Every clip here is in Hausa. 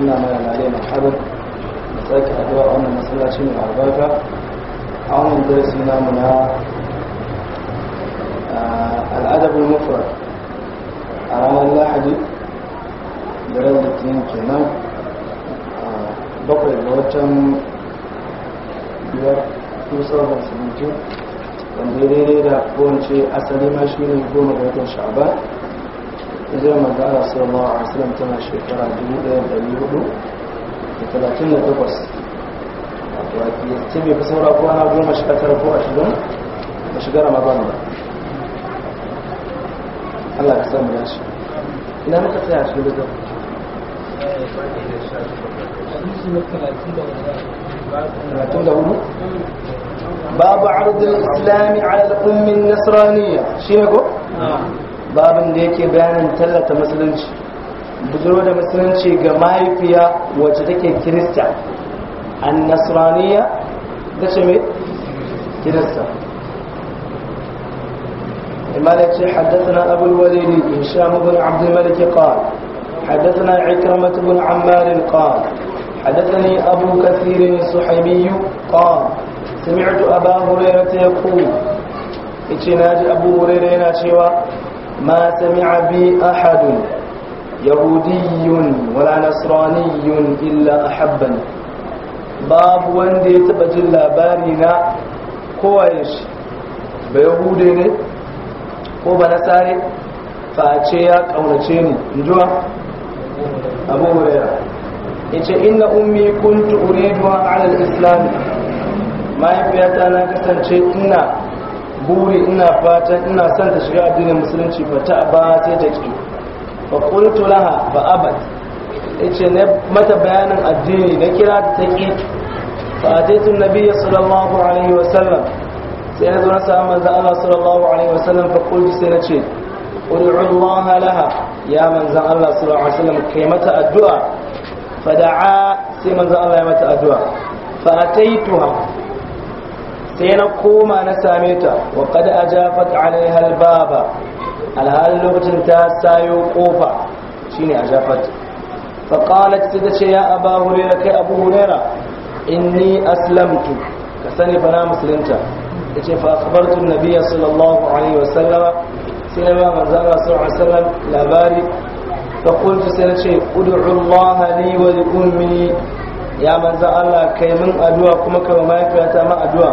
إنما يا مريم الحبر مساك أدواء أن المسألة شين العرباك أو من درس منا آه، الأدب المفرد أنا لا حدي درس الاثنين كنا آه، بقى الوجم بيار توصل بسنتين ومدري لا كون شيء أسلم أشمل يكون غير شعبان hijirar manzo Allah sallallahu alaihi wasallam tana shekara 1438 wato a kiyarce bai fi saura ko ana goma shiga tara ko ashirin ba shiga ramadan ba Allah ka samu dace ina muka tsaya shi da ثلاثون له باب عرض الإسلام على الأم النصرانية شنو نعم babin da yake bayanin tallata musulunci buzuro da musulunci ga mahaifiya wacce take kirista an nasraniya ta ce mai kirista imala ce haddasa na abubuwa ne in sha mabin abdulmalik ya kawai haddasa na aikar matubin ambarin kawai haddasa ne abu kasirin su haimiyu kawai sami'atu abu hurairar ta ya ku na ji abu hurairar yana cewa ما سمع بي yahudiyun يهودي ولا نصراني إلا أحبني babu wanda ya taba jin labari na kowaye shi ba yahude ne ko ba nasare face ya ƙaunace ni injuwa abu huraira yace inna ummi kuntu uridu ala al-islam mahaifiyata na kasance ina buri ina fatan ina son ta shiga addinin musulunci ba ta ba sai ta ki fa qultu laha ba abad yace ne mata bayanin addini na kira ta ki fa ataitu nabiyyi sallallahu alaihi wa sallam sai na zo na samu manzo Allah sallallahu alaihi wa sallam fa qultu sai na ce ud'u Allah laha ya manzo Allah sallallahu alaihi wa sallam kai mata addu'a fa da'a sai manzo Allah ya mata addu'a fa ataituha sai na koma na same ta wa qad ajafat alaiha albaba alhal lokacin ta sayo kofa shine ajafat fa qalat sai ta ce ya aba hurera kai abu hurera inni aslamtu ka sani fa na musulunta ta ce fa akhbartu an sallallahu alaihi wa sallama sai na ba manzo Allah sallallahu alaihi sallam labari ta qultu sai na ce ud'u Allah li wa li mini ya manzo Allah kai min addu'a kuma kai mahaifiyata ma addu'a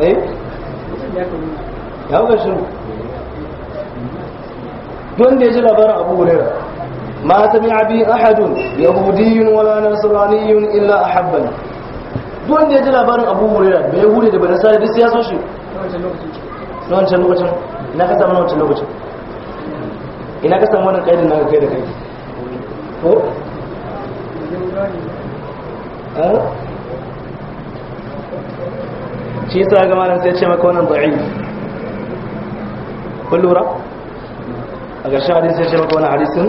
eh ya kuka shiru don da ya ji labarin abu hurera ma ta bi abi ahadun yahudiyun wala nasraniyun illa ahabbani don da ya ji labarin abu hurera da yahudi da bani sare duk ya so shi na wancan lokacin ina ka samu na wancan lokacin ina ka samu wannan kaidin na kai da kai ko eh? shi yasa ga malam sai ce maka wannan da'if kun lura a ga shahadin sai ce maka wannan hadisin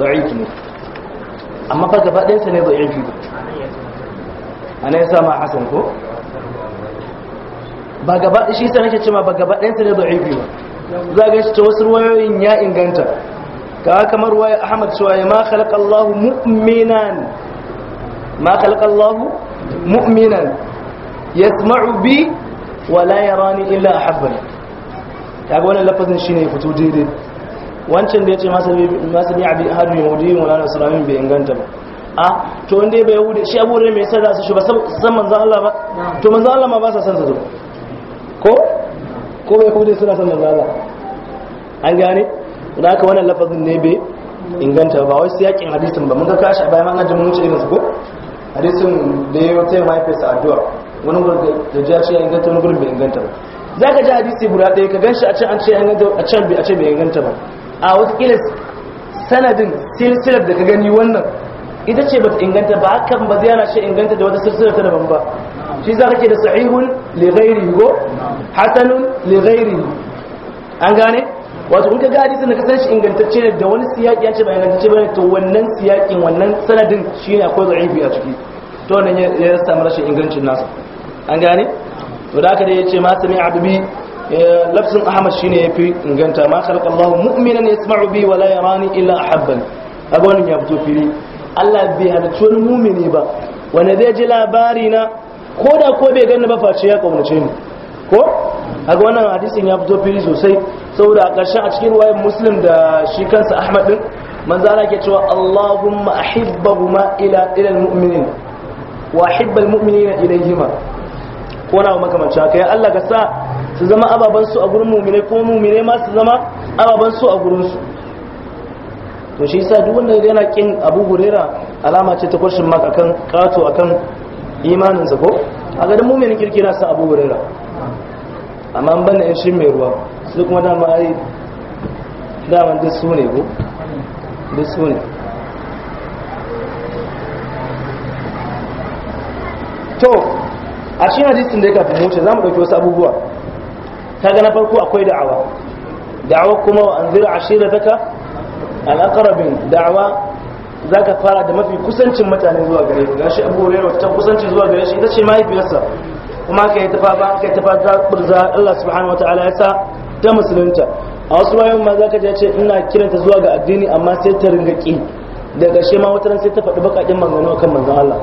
da'if ne amma ba gaba ɗayansa ne da'ifi a na yasa ma hasan ko ba gaba shi yasa nake cewa ba gaba ɗayansa ne da'ifi ba za ga shi ta wasu ruwayoyin ya inganta ka kamar ruwaya ahmad cewa ma khalaqallahu Allahu mu'minan ma khalaqallahu Allahu mu'minan yasma'u bi wa la yarani illa ahabbani kaga wannan lafazin shine ya fito daidai wancan da yace masa masa bi abi hadu yahudi wa la nasrani bai inganta ba a to wanda bai yahudi shi abu ne mai yasa za su shi ba san manzon Allah ba to manzon Allah ma ba sa san su ko ko bai yahudi suna san manzon Allah an gane da haka wannan lafazin ne bai inganta ba wai yakin hadisin ba mun ga kashi a bayan an ajin mun ce irin su ko hadisin da ya yi wata mahaifiyarsa addu'a wani gurin da ja ce ya inganta wani gurin bai inganta ba za ka ji hadisi guda ɗaya ka ganshi a can an ce ya inganta a can bai a ce bai inganta ba a wasu watakila sanadin silsilar da ka gani wannan ita ce ba ta inganta ba hakan ba ziyara shi inganta da wata silsilar ta daban ba shi za ka ke da sahihun li ko hasanun li an gane wato in ka ga hadisin da ka san shi ingantacce ne da wani siyaki ya ce ba ingantacce ba ne to wannan siyakin wannan sanadin shi ne akwai da'ifi a ciki to wannan ya samu rashin ingancin nasa an gane to da aka da ya ce ma sami abdi eh, lafsin ahmad shine yafi inganta ma khalaqa allah mu'minan yasma'u bi wa la yarani illa ahabbani abu wannan ya fito fili allah bai halicci wani mumini ba wanda zai ji labari na ko da ko bai gani ba face ya kaunace ni ko haka wannan hadisin ya fito fili sosai saboda a ƙarshen a cikin ruwayar muslim da shi kansa ahmad din manzo Allah ke cewa Allahumma ahibbahuma ila ila almu'minin wa hibbal mu'minina ilayhima ko na makamanci haka ya Allah ka sa su zama ababan su a gurin mu'mine ko mu'mine ma su zama ababan su a gurin su to shi yasa duk wanda yana kin Abu Huraira alama ce ta kwashin maka kan kato akan imanin sa ko a ga mu'minin kirkira sa Abu Huraira amma an banda in shi mai ruwa su kuma dama ai da man su ne ko duk su ne to a cikin hadisin da ya kafin wuce za mu ɗauki wasu abubuwa ta ga na farko akwai da'awa da'awa kuma wa an zira ashira taka al'akarabin da'awa za ka fara da mafi kusancin mutane zuwa gare ka gashi abu hurairu ta kusanci zuwa gare shi ita ce mahaifiyarsa kuma ka yi tafa ba ka yi tafa ta burza Allah subhanahu wataala ya sa ta musulunta a wasu bayan ma za ka je ce ina kiranta zuwa ga addini amma sai ta ringa ki da ƙarshe ma wata sai ta faɗi baƙaƙen maganganu kan manzon Allah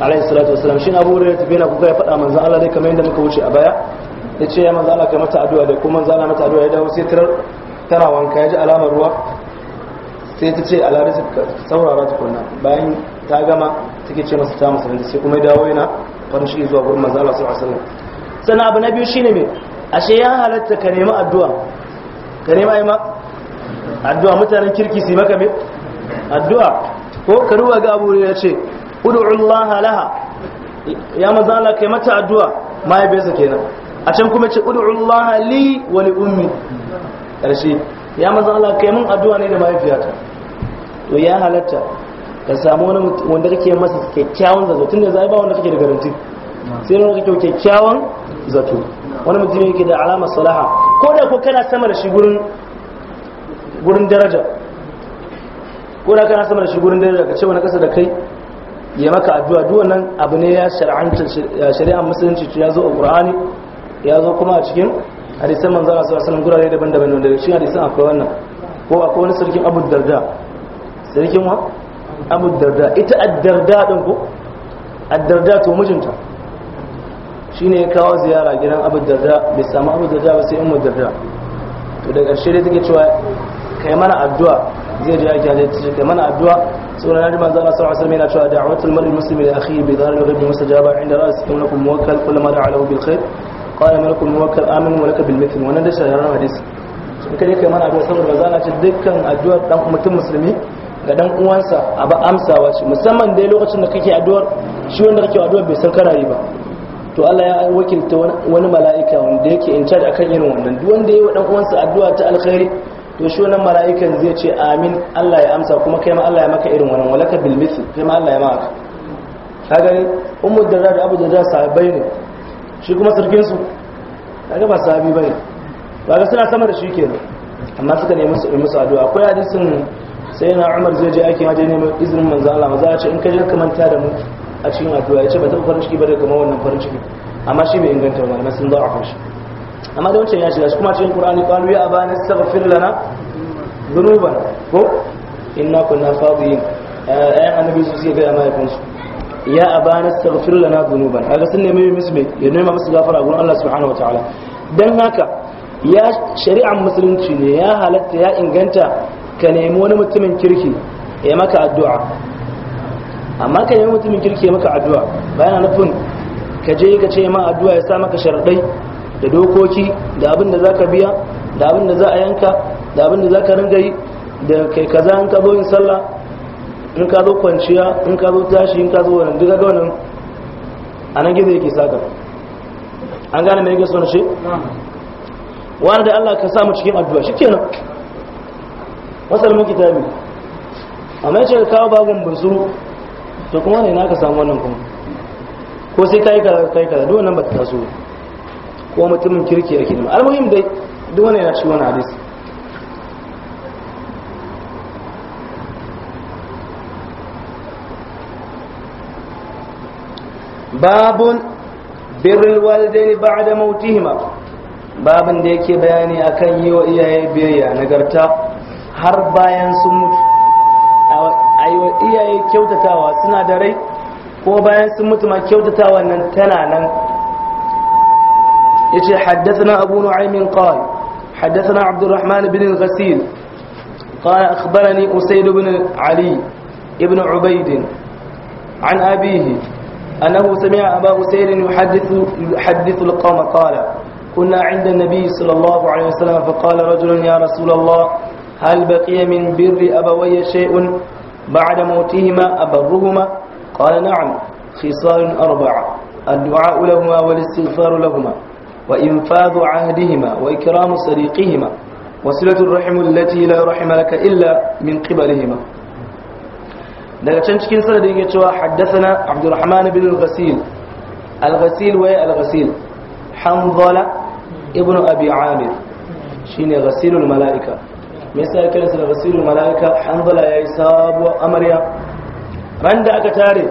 alaihi salatu wasalam shi na hore tafi na kuka ya faɗa manzan Allah dai kamar yadda muka wuce a baya ya ce ya manzan Allah kai mata addu'a da kuma manzan Allah mata addu'a ya dawo sai tarar tana wanka ya ji alamar ruwa sai ta ce alari saurara tukunna bayan ta gama take ce masa ta musulunci sai kuma ya dawo yana farin shi zuwa gurin manzan Allah sallallahu alaihi wasallam sannan abu na biyu shine me ashe ya halatta ka nemi addu'a ka nemi ai ma addu'a mutanen kirki su maka me addu'a ko ka ruwa ga abu ya ce ud'u Allah laha ya manzo Allah kai mata addu'a mahaifiyarsa kenan a can kuma ce ud'u Allah li wa li ummi karshe ya manzo Allah kai mun addu'a ne da mahaifiyata to ya halatta ka samu wani wanda kake masa kyakkyawan zato tunda zai ba wanda kake da garanti sai wanda kake kyakkyawan zato wani mutum yake da alama salaha ko da ko kana sama da shi gurin gurin daraja ko da kana sama da shi gurin daraja ka ce wani kasa da kai ya maka addu'a duk wannan abu ne ya shar'anta shari'ar musulunci ya zo a qur'ani ya zo kuma a cikin hadisan manzon Allah sallallahu alaihi gurare daban-daban wanda shi hadisan akwai wannan ko akwai wani sarkin Abu Darda sarkin wa Abu Darda ita ad-Darda din ko ad-Darda to mijinta shine ya kawo ziyara gidan Abu Darda bai samu Abu Darda ba sai Ummu Darda to da ƙarshe take cewa kai mana addu'a zai ji ake hajji ce kai mana addu'a saboda naji manzo Allah sallallahu alaihi wasallam yana cewa da'watul mar'i muslimi li akhihi bi dhahril ghaibi mustajaba 'inda ra'sikum lakum muwakkal kullama da'a lahu bil khair qala malakum muwakkal amin wa laka bil mithl wannan da shahararren hadisi in kai kai mana addu'a saboda manzo Allah ce dukkan addu'a dan mutum musulmi ga dan uwansa a ba amsawa shi musamman dai lokacin da kake addu'ar shi wanda kake addu'ar bai san kana yi ba to Allah ya wakilta wani mala'ika wanda yake in charge akan irin wannan duk wanda yayi wa dan uwansa addu'a ta alkhairi to shi wannan mala'ikan zai ce amin Allah ya amsa kuma kai ma Allah ya maka irin wannan walaka bil mithl kai ma Allah ya maka ka gani ummu darda da abu darda sahabbai ne shi kuma sarkin su kaga ba sahabi bane kaga suna sama da shi kenan amma suka nemi su musu addu'a akwai hadisin sai na Umar zai je aikin haje neman izinin manzo Allah manzo ya ce in ka je ka manta da mu a cikin addu'a ya ce ba ta farin ciki ba da kuma wannan farin ciki amma shi bai inganta ba na sun da'a shi amma da wancan ya shiga shi kuma cikin qur'ani qalu ya abana astaghfir lana dhunuban ko inna kunna fadhin ayan eh, eh, annabi su ce ga mai kansu ya abana astaghfir lana dhunuban kaga sun nemi musu mai ya nemi musu gafara gurin Allah subhanahu wataala dan haka ya shari'ar musulunci ne ya halatta ya inganta ka nemi wani mutumin kirki ya maka addu'a amma ka nemi mutumin kirki ya maka addu'a bayan nufin ka je ka ce ma addu'a ya sa maka sharadai da dokoki da abin da ka biya da abin da za a yanka da abin da ka ringa yi da kai kaza za ka zo yin sallah in ka zo kwanciya in ka zo tashi in ka zo wannan duka ga wannan a nan gizo yake saka an gane mai gaso son shi wani da Allah ka samu cikin addu'a shikenan wasal mu kitabi amma ce ka kawo bagon bunsu to kuma ne na ka samu wannan kuma ko sai ka yi kaza yi kaza duk wannan ba ta taso ba ko mutumin kirki yake ne almuhim dai duk wani yana cikin hadisi babun birrul walidaini ba'da mautihima babin da yake bayani akan yi wa iyaye biyayya nagarta har bayan sun mutu a wa iyaye kyautatawa suna da rai ko bayan sun mutu ma kyautatawa nan tana nan يجي حدثنا أبو نعيم قال حدثنا عبد الرحمن بن الغسيل قال أخبرني أسيد بن علي ابن عبيد عن أبيه أنه سمع أبا أسيد يحدث, يحدث القوم قال كنا عند النبي صلى الله عليه وسلم فقال رجل يا رسول الله هل بقي من بر أبوي شيء بعد موتهما أبرهما قال نعم خصال أربعة الدعاء لهما والاستغفار لهما wa عهدهما وإكرام صديقهما وصلة الرحم التي لا رحم لك إلا من قبلهما daga can cikin sanadin ya cewa haddasana abdurrahman bin al-ghasil al-ghasil wa al ibn abi shine ghasilul malaika me yasa yake da ghasilul malaika hanzala yi sabuwar amarya ran da aka tare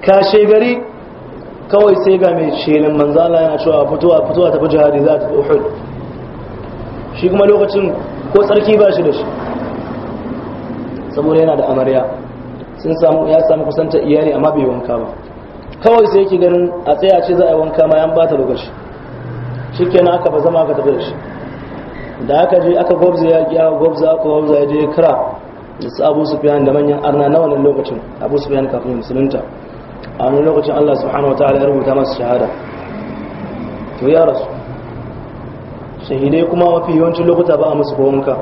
kashe gari kawai sai ga mai shelin manzala yana cewa fitowa fitowa tafi jihadi za ta uhud shi kuma lokacin ko tsarki ba shi da shi saboda yana da amarya sun samu ya samu kusanta iyali amma bai wanka ba kawai sai yake ganin a tsaya ce za a yi wanka ma yan bata lokaci shi kenan aka ba zama aka tafi da shi da aka je aka gwabza ya giya gwabza aka gwabza ya je kira da su abu sufiyan da manyan arna na wannan lokacin abu sufiyan kafin musulunta a wani lokacin Allah subhanahu wa ta'ala ya rubuta masu shahada to ya rasu shahidai kuma mafi yawancin lokuta ba a musu kowanka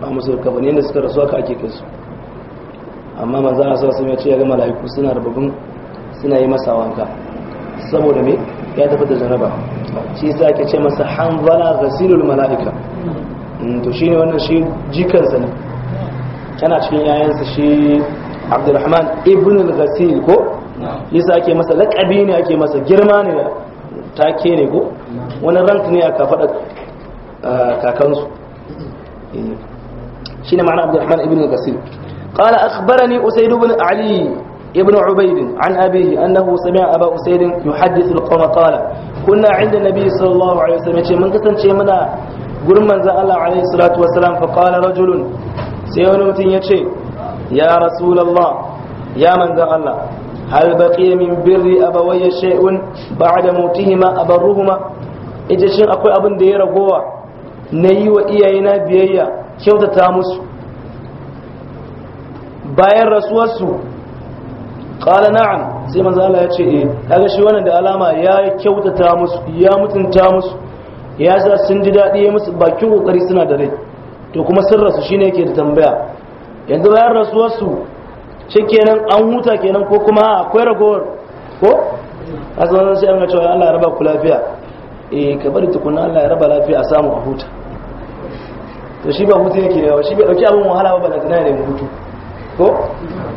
ba a musu rikafa ne da suka rasu aka ake kai su amma manzan a sarasa ya ce ya ga mala'iku suna rububin suna yi masa wanka saboda me ya tafi da janaba shi sa ake ce masa hanzala ghasilul mala'ika mm, to ne wannan shi jikansa ne tana cikin yayansa shi abdurrahman ibn al-ghasil ko nisa ake masa laƙabi ne ake masa girma ne take ne ko wani rank ne aka faɗa kakansu eh, shi ne ma'ana abdulhamman ibn al-gasir ƙala akbara ne usaidu wani ali ibn ubaidin an abihi an na husami a aba usaidin yi haddisa da kuma ƙala kuna inda na biyu sallallahu alaihi wasallam ce mun kasance mana gurin za Allah alaihi salatu wasallam fa ƙala rajulun sai wani mutum ya ce ya rasulallah ya manzan Allah hal baqiya min birri abawayya shay'un ba'da mutihima abarruhuma ita shin akwai abin da ya ragowa na yi wa iyayena biyayya kyautata musu bayan rasuwarsu qala na'am sai manzo Allah ya ce eh kaga shi wannan da alama ya kyautata musu ya mutunta musu ya sa sun ji daɗi ya musu bakin kokari suna da rai to kuma sun rasu shine yake da tambaya yanzu bayan rasuwarsu shi kenan an huta kenan ko kuma akwai ragowar ko a zanen sai an ga cewa Allah ya raba ku lafiya eh ka bari tukuna Allah ya raba lafiya a samu a huta to shi ba hutu yake yawa shi bai dauki abin wahala ba balantana ne mu hutu ko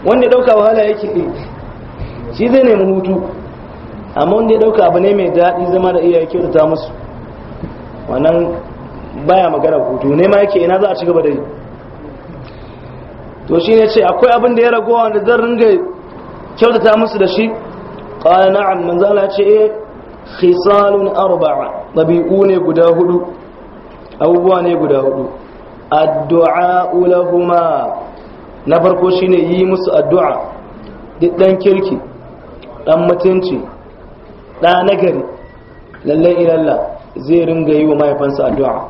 wanda ya dauka wahala yake ne eh, shi zai nemi hutu amma wanda ya dauka abu ne mai daɗi zama da iyaye kyautata musu wannan baya magana hutu ne ma yake ina za a ci gaba da yi to shi ne ce akwai abin da ya ragowa da zan ringa kyautata musu da shi ƙwaya na'am manzala ce e khisalun arba'a ɗabi'u ne guda hudu abubuwa ne guda hudu addu'a ulahuma na farko shi ne yi musu addu'a duk ɗan kirki ɗan mutunci ɗa nagari lallai ilalla zai ringa yi wa mahaifansa addu'a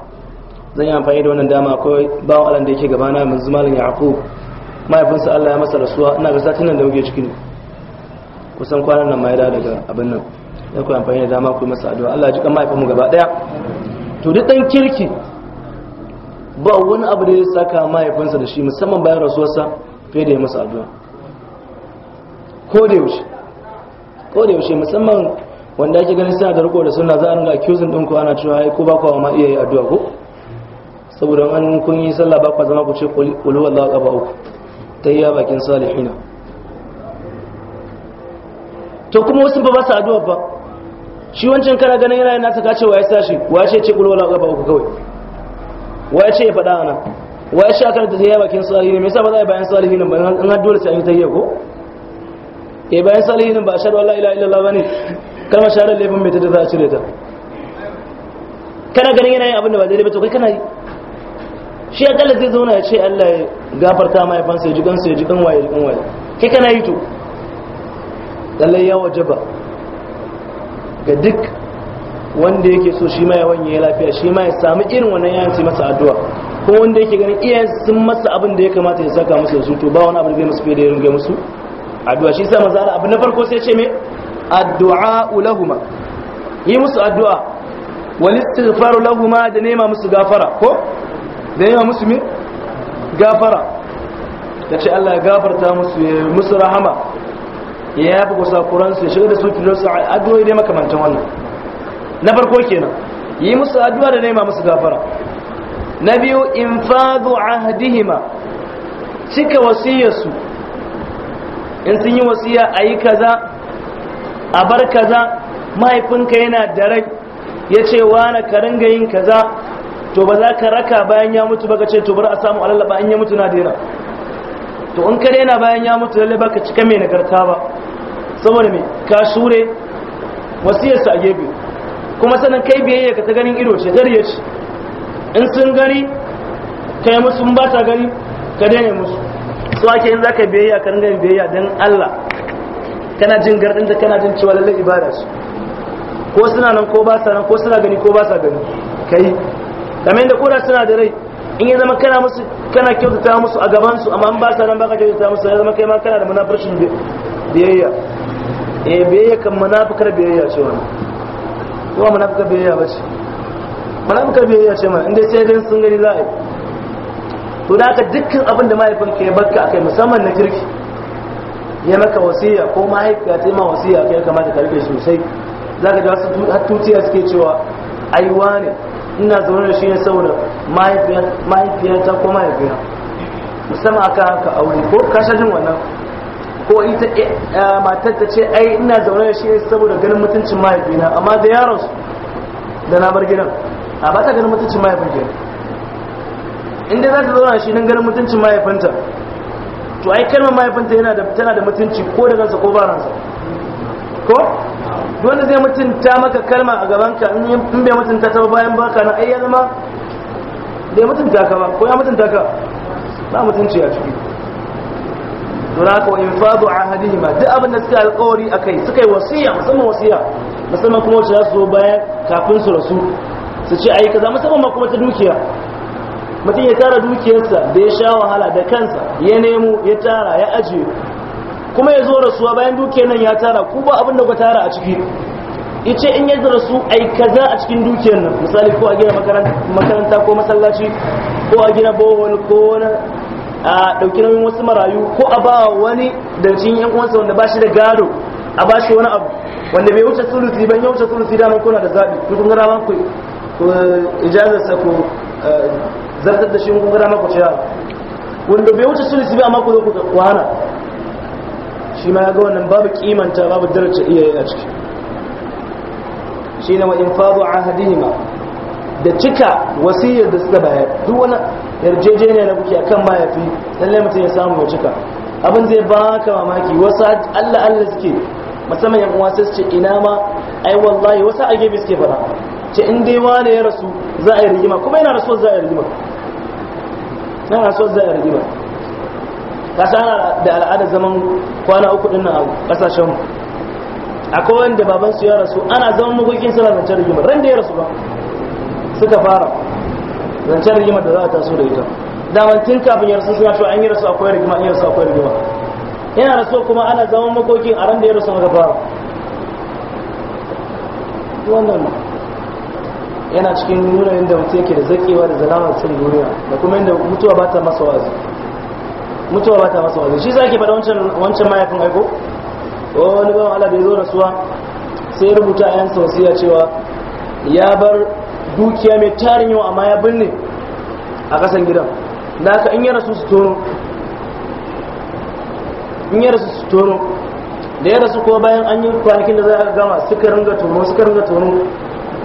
zan yi amfani da wannan dama akwai bawan alanda yake gabana mai zumalin yaƙo mahaifinsa Allah ya masa rasuwa ina ga satin nan da muke ciki ne kusan kwanan nan ma ya daga abin nan ya ku amfani da dama ku masa addu'a Allah ya ji kan mahaifinmu gaba daya to duk dan kirki ba wani abu da ya saka mahaifinsa da shi musamman bayan rasuwarsa fiye da ya masa addu'a ko da yaushe ko da yaushe musamman wanda ake ganin suna da riko da suna za a ringa accusing din ku ana cewa ai ko ba ku ma iya yi addu'a ko saboda an kun yi sallah ba ku zama ku ce qul huwallahu ahad uku ta yi bakin salihina to kuma wasu ba ba su addu'a ba shi wancan kana ganin yana yana saka ce ya sashi wa ya ce ce kulo wala gaba uku kawai wa ya ce ya faɗa ana wa ya sha kan ta yi bakin salihina me yasa ba za a yi bayan salihina ba an har dole sai an yi tahiyya ko eh bayan salihina ba a shaɗu Allah ila ila ba ne kalmar shaɗar laifin mai ta da za a cire ta kana ganin yana yin abin da ba daidai ba to kai kana yi shi akalla zai zauna ya ce Allah ya gafarta mahaifansa ya ji kansa ya ji kanwaye ya ji waye. kai kana yi to lallai ya ba ga duk wanda yake so shi ma ya wanye lafiya shi ma ya samu irin wannan yayan su masa addu'a ko wanda yake ganin iyayen sun masa abin da ya kamata ya saka musu da su to ba wani abin zai musu fiye da ya ringa musu addu'a shi sa manzo Allah abu na farko sai ce me addu'a ulahuma. yi musu addu'a wal istighfaru lahuma da nema musu gafara ko da yawa musu mai gafara ta ce Allah ya gafarta musu ya musu rahama ya yafi kuransu ya shiga da su a addu'o'i dai makamantan wannan na farko kenan yi musu addu'a da nema musu gafara na biyu in fadu ahdihima cika wasiyarsu in sun yi wasiya a yi kaza a bar kaza mahaifinka yana da rai ya ce wa ka ringa yin kaza to ba za ka raka bayan ya mutu ba ka ce to bar a samu alallaba in ya mutu na daina to in ka daina bayan ya mutu lalle ba ka cika mai nagarta ba saboda me ka shure wasiyarsa a gefe kuma sanan kai biyayya ka ta ganin ido ce zariya ce in sun gani kai musu ba ta gani ka daina musu su ake yin za ka biyayya ka ringa biyayya dan allah kana jin gardin da kana jin cewa lallai ibada ce ko suna nan ko ba sa nan ko suna gani ko ba sa gani kai kamar da koda suna da rai in ya zama kana musu kana kyautata musu a gaban su amma in ba sa nan baka kyautata musu ya zama kai ma kana da munafurcin biyayya eh biyayya kan munafikar biyayya ce wani kuma munafikar biyayya ba ce munafikar biyayya ce ma inda sai dan sun gani za a yi to da haka dukkan abin da mahaifin ka ya barka kai musamman na kirki ya maka wasiya ko mahaifiya ya taimaka ma wasiya kai kamata ka rike sosai za ka ji wasu tutiyar suke cewa aiwa ne ina zaune da shi ne saboda mahaifiyarta ko mahaifiyar musamman aka haka aure ko kashe jin wannan ko ita eh, eh, matar ta ce ai ina zaune da shi ne saboda ganin mutuncin mahaifina amma da yaron su da na bar gidan a ba ta ganin mutuncin mahaifin gidan inda za ta zauna da shi don ganin mutuncin mahaifinta to ai kalmar mahaifinta yana da tana da mutunci ko da ransa ko ba ransa ko wanda zai mutunta maka kalma a gabanka in bai mutunta ta bayan baka na ai ya zama bai mutunta ka ba ko ya mutunta ka ba mutunci a ciki in haka a infadu ma duk abin da suka alƙawari akai suka yi wasiya musamman wasiya musamman kuma wacce za su zo bayan kafin su rasu su ce ayi kaza musamman ma kuma ta dukiya mutum ya tara dukiyarsa da ya sha wahala da kansa ya nemo ya tara ya ajiye kuma ya zo rasuwa bayan duke nan ya tara ku ba abin da ku tara a ciki ice in ya rasu ai kaza a cikin dukiyar nan misali ko a gina makaranta ko masallaci ko a gina bohol ko wani a ɗauki nauyin wasu marayu ko a ba wani dancin cikin yan uwansa wanda ba shi da gado a ba shi wani abu wanda bai wuce sulusi ban ya wuce sulusi daman kuna da zaɓi ku kun gara ku ijazarsa ku eh, zartar da shi kun gara ku cewa wanda bai wuce sulusi ba amma ku zo ku hana shi ma ga wannan babu kimanta babu daraja iyaye a ciki shine wa infadu ahadihima da cika wasiyyar da suka bayar duk wani yarjejeniya na kuke akan mayafi lalle mutum ya samu ya cika abin zai baka mamaki wasu Allah Allah suke musamman yan uwa sai su ce ina ma ai wallahi wasu a gefe suke fara ce in dai wani ya rasu za a yi rigima kuma yana rasuwar za a yi rigima yana rasuwar za a yi rigima kasa da al'ada zaman kwana uku din nan a kasashen mu akwai wanda baban su ya rasu ana zaman makokin suna zancen rigima ran da ya rasu ba suka fara zancen rigima da za a taso da ita daman tun kafin ya rasu suna cewa an yi rasu akwai rigima an yi rasu akwai rigima yana rasu kuma ana zaman makokin a ran da ya rasu aka fara wannan yana cikin nuna yadda mutum yake da zakewa da zalama cikin duniya da kuma yadda mutuwa ba ta masa wazi mutuwa ba ta masa wazi shi zaki faɗa wancan wancan mahaifin aiko wani bawan ala bai ya zo rasuwa sai rubuta a yan wasiya cewa ya bar dukiya mai tarin yau amma ya binne a kasan gidan da aka in ya rasu su tono in ya rasu su tono da ya rasu ko bayan an yi kwanakin da za a gama suka ringa tono suka ringa tono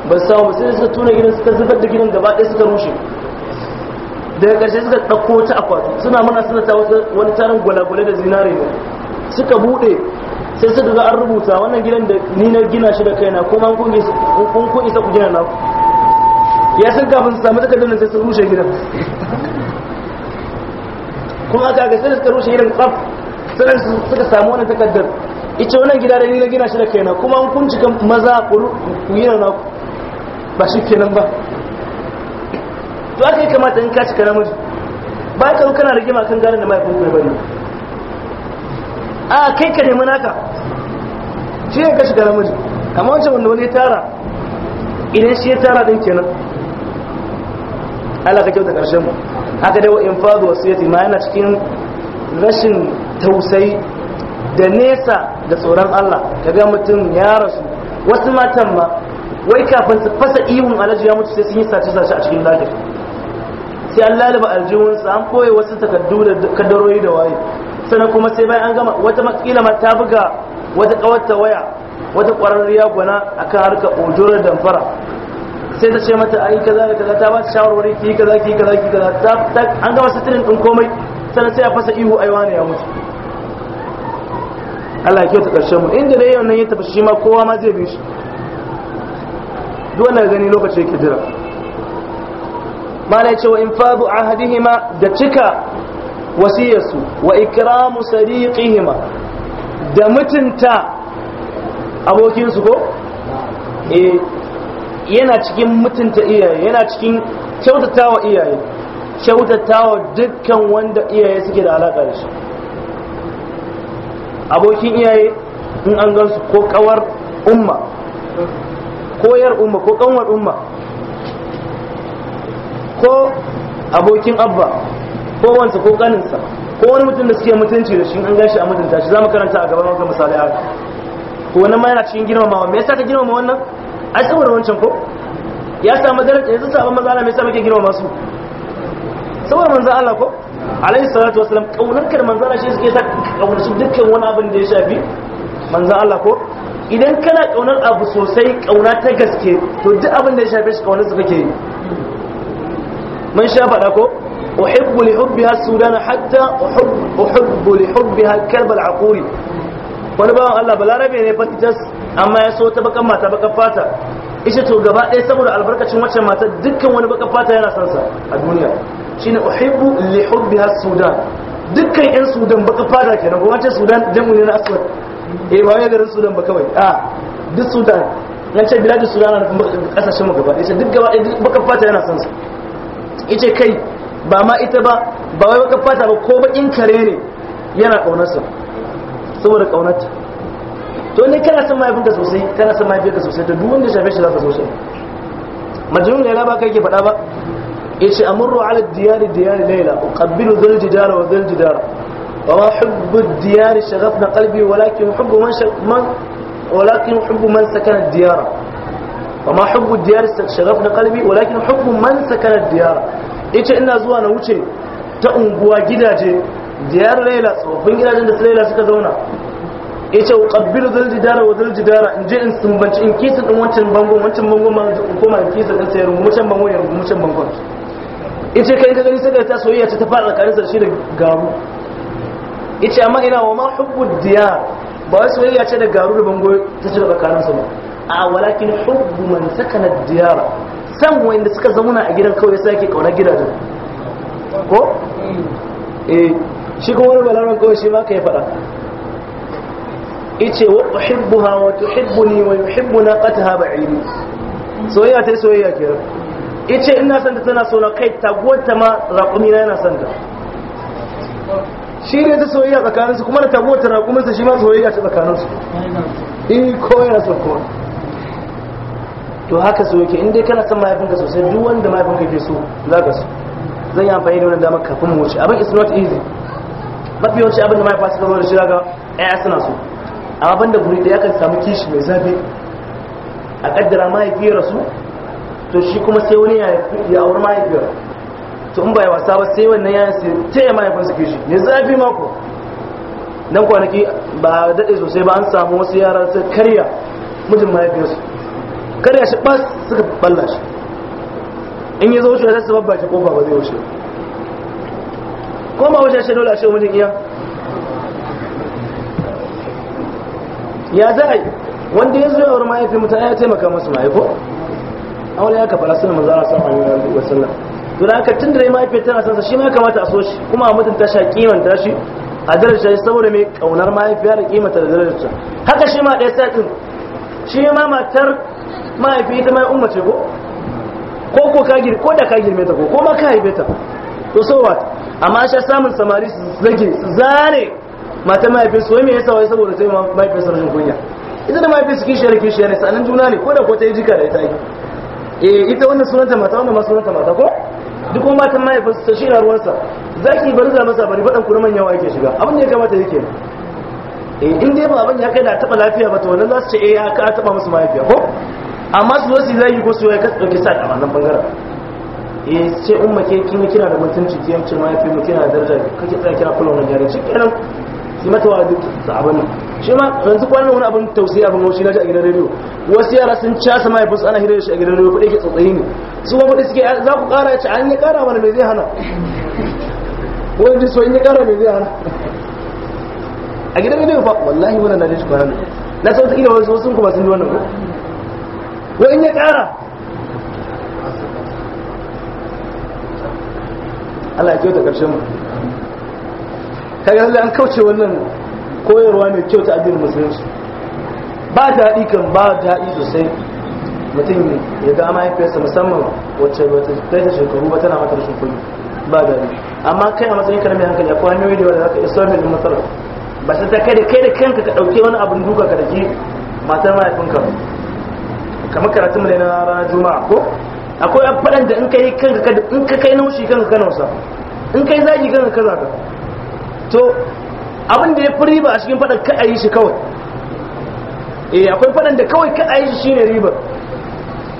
ba su samu sai suka tuna gidan suka zubar da gidan gaba ɗaya suka rushe daga ƙarshe suka ɗauko ta akwati suna mana suna ta wani tarin gwalagwale da zinare ne suka buɗe sai suka ga an rubuta wannan gidan da ni na gina shi da kaina kuma kun kun isa ku gina naku ya san kafin su samu takardar sai sun rushe gidan kuma aka ga sai suka rushe gidan tsaf sai suka samu wannan takardar ita wannan gida da ni na gina shi da kaina kuma an kun cika maza ku yi na naku ba shi kenan ba to aka yi kamata in ka kana namiji ba ka kana rigima kan garin da mahaifin kai bane a kai ka nemi naka shi ne ka shiga namiji amma wancan wanda wani ya tara idan shi ya tara din kenan Allah ka kyauta karshen mu haka dai wa infadu wasiyati ma yana cikin rashin tausayi da nesa da tsoron Allah ka ga mutum ya rasu wasu matan ma wai kafin su fasa ihun alaji ya mutu sai sun yi sace-sace a cikin lagir sai an lalaba aljihunsa an koya wasu takardu da kadaroyi da waye sannan kuma sai bayan an gama wata makila ma ta buga wata kawarta waya wata kwararriya gwana kan harkar ojorar damfara sai ta ce mata ai kaza da kaza ta ba ta shawarwari ki kaza ki kaza ki kaza ta an gama sitirin din komai sannan sai a fasa ihu ai wani ya mutu Allah ya kyauta karshen mu inda dai yau nan ya tafi shi ma kowa ma zai bi shi duk wanda gani lokaci yake jira mala yace wa infadu ahadihima da cika wasiyarsu wa ikramu sadiqihima da mutunta abokinsu ko eh yana cikin mutunta iyaye yana cikin kyautatawa iyaye kyautatawa dukkan wanda iyaye suke da alaka da shi abokin iyaye in an gansu ko kawar umma ko yar umma ko kanwar umma ko abokin abba ko wansa ko ganinsa ko wani mutum da suke mutunci da shi an gashi a mutunta shi za mu karanta a gaban wanga misali a Ko wannan ma yana cikin girmamawa me yasa ka girmama wannan ai saboda wancan ko ya sa daraja yanzu sabon maza Allah me yasa muke girmama su saboda manzo Allah ko alaihi salatu wasalam kaunar kar manzo Allah shi suke sa su dukkan wani abin da ya shafi manzo Allah ko idan kana kaunar abu sosai kauna ta gaske to duk abin da ya shafe shi kaunar su kake yi mun sha faɗa ko uhibbu li hubbiha sudan hatta uhibbu li hubbiha kalb al aquri wani bawan Allah balarabe ne fatitas amma ya so ta bakan mata bakan fata ita to gaba ɗaya saboda albarkacin wacce mata dukkan wani bakan fata yana son sa a duniya shine uhibbu li hubbiha sudan dukkan yan sudan bakan fata kenan ko wacce sudan jam'u ne na aswad eh ba wai garin sudan ba kawai a duk sudan na ce biladi sudan na kasashen mu gaba ɗaya duk gaba ɗaya bakan fata yana son sa ita kai ba ma ita ba ba wai baka fata ba ko bakin kare ne yana kaunarsa saboda kaunarta to ne kana mai mahaifinka sosai kana mai mahaifinka sosai to duk wanda shafe shi za ka so shi majnun laila ba kai ke faɗa ba yace amurru ala diyari diyari laila uqabbilu dhul jidara wa dhul jidara wa ma hubbu diyari shaghafna qalbi walakin hubbu man man walakin hubbu man sakana diyara amma hubbu diyar sharaf na kalbi walakin hubbu man sakana diyar ita ina zuwa na wuce ta unguwa gidaje diyar laila tsofin gidajen da laila suka zauna ita qabbilu zal jidara wa zal jidara in je in sumbanci in kisa din wancan bangon wancan bangon ma in koma in kisa din sai wancan bangon ya wancan bangon ita kai ka gani sai ta soyayya ta fara tsakanin sarshi shi da garu ita amma ina wa ma hubbu diyar ba wai soyayya ce da garu da bango ta ci tsakanin sa ba a walakin hubbu man sakana diyara san wanda suka zamuna a gidan kawai sai ake kauna gidajen ko eh shi kuma wani balaran kawai shi ma kai fada ice wa uhibbuha wa tuhibbuni wa yuhibbuna qataha ba'idi soyayya ta soyayya ke ice ina san ta tana sona kai tagwata ma raƙumi na yana san ta shi ne ta soyayya tsakaninsu kuma da tagonta raƙuminsa shi ma soyayya ta tsakaninsu in eh, koyar yana son kowa to haka so yake in dai kana son mahaifinka sosai duk wanda mahaifinka ke so za ka so zan yi amfani da wani damar kafin mu wuce abin is not easy mafi yawanci abin da mahaifa su zo da shi daga ɗaya suna so amma ban da guri da kan samu kishi mai zafi a kaddara mahaifiyar rasu to shi kuma sai wani ya auri mahaifiyar to in ba wasa ba sai wannan ya sai ta yi su kishi mai zafi mako nan kwanaki ba daɗe sosai ba an samu wasu yara sai karya mijin mahaifiyarsu karya shi bas suka balla shi in yi zo wuce sai su babba shi kofa ba zai wuce ko ma wuce shi dole a shi wajen iya ya za a yi wanda ya zo yawar mahaifi mutane ya taimaka masu mahaifo a wani ya kafa fara na mazara sa hanyar yanzu wasallam to da aka tun da ya mahaifiyar tana sansa shi ma ya kamata a so shi kuma a mutunta shi a kimanta shi a darajar shi saboda mai kaunar mahaifiya da kimanta da darajar haka shi ma ɗaya satin shi ma matar mahaifi ita ma umma ce ko ko ko ka girme ko da ka girme ta ko ko ma ka haife ta to so what amma sha samun samari su zage su zare mata mahaifin su wai me yasa wai saboda sai mahaifin su rashin kunya ita da mahaifin su kishiyar kishiyar ne sanan juna ne ko da ko ta yi jika da ita eh ita wannan sunanta mata wannan ma sunanta mata ko duk kuma matan mahaifin su shi ruwan ruwansa zaki bari za masa bari fadan kurman yawa yake shiga abin da ya kamata yake eh in dai ba abin ya kai da taba lafiya ba to wannan za su ce eh ya ka taba musu mahaifiya ko amma su zo su yi ko su wai ka ɗauki sa'ad a wannan bangaren eh ce umma ke kin kina da mutunci ki yamce ma yafi mu kina da daraja kake tsaya kira kula wani jari shi kenan su mata wa duk su abin nan shi ma yanzu kwanan wani abin tausayi abin maushi na ji a gidan rediyo wasu yara sun casa ma yafus ana hirar shi a gidan rediyo kuɗi ke tsotsayi ne su ma kuɗi suke za ku ƙara ya ce an yi ƙara wani mai zai hana wani ji so in yi ƙara mai zai hana a gidan rediyo fa wallahi wani na ji kwanan na san ta ina wasu sun kuma sun ji wannan ko ko in ya ƙara Allah ya kyauta ƙarshen mu kaga lalle an kauce wannan koyarwa mai kyauta addinin musulunci ba daɗi kan ba daɗi sosai mutum ya ga mahaifiyarsa musamman wacce ta shekaru ba tana mata rashin ba daɗi amma kai a matsayin ka na mai hankali akwai hanyoyi da wanda zaka iya mai din ba sai ta kai da kai da kanka ka ɗauke wani abin duka ka dake matar mahaifinka kamar karatun mu na ranar juma'a ko akwai faɗan da in yi kanka in ka kai naushi kanka kana wasa in ka kai zagi kanka kaza ka to abin da ya fi riba a cikin faɗan ka a yi shi kawai eh akwai faɗan da kawai ka a yi shi shine riba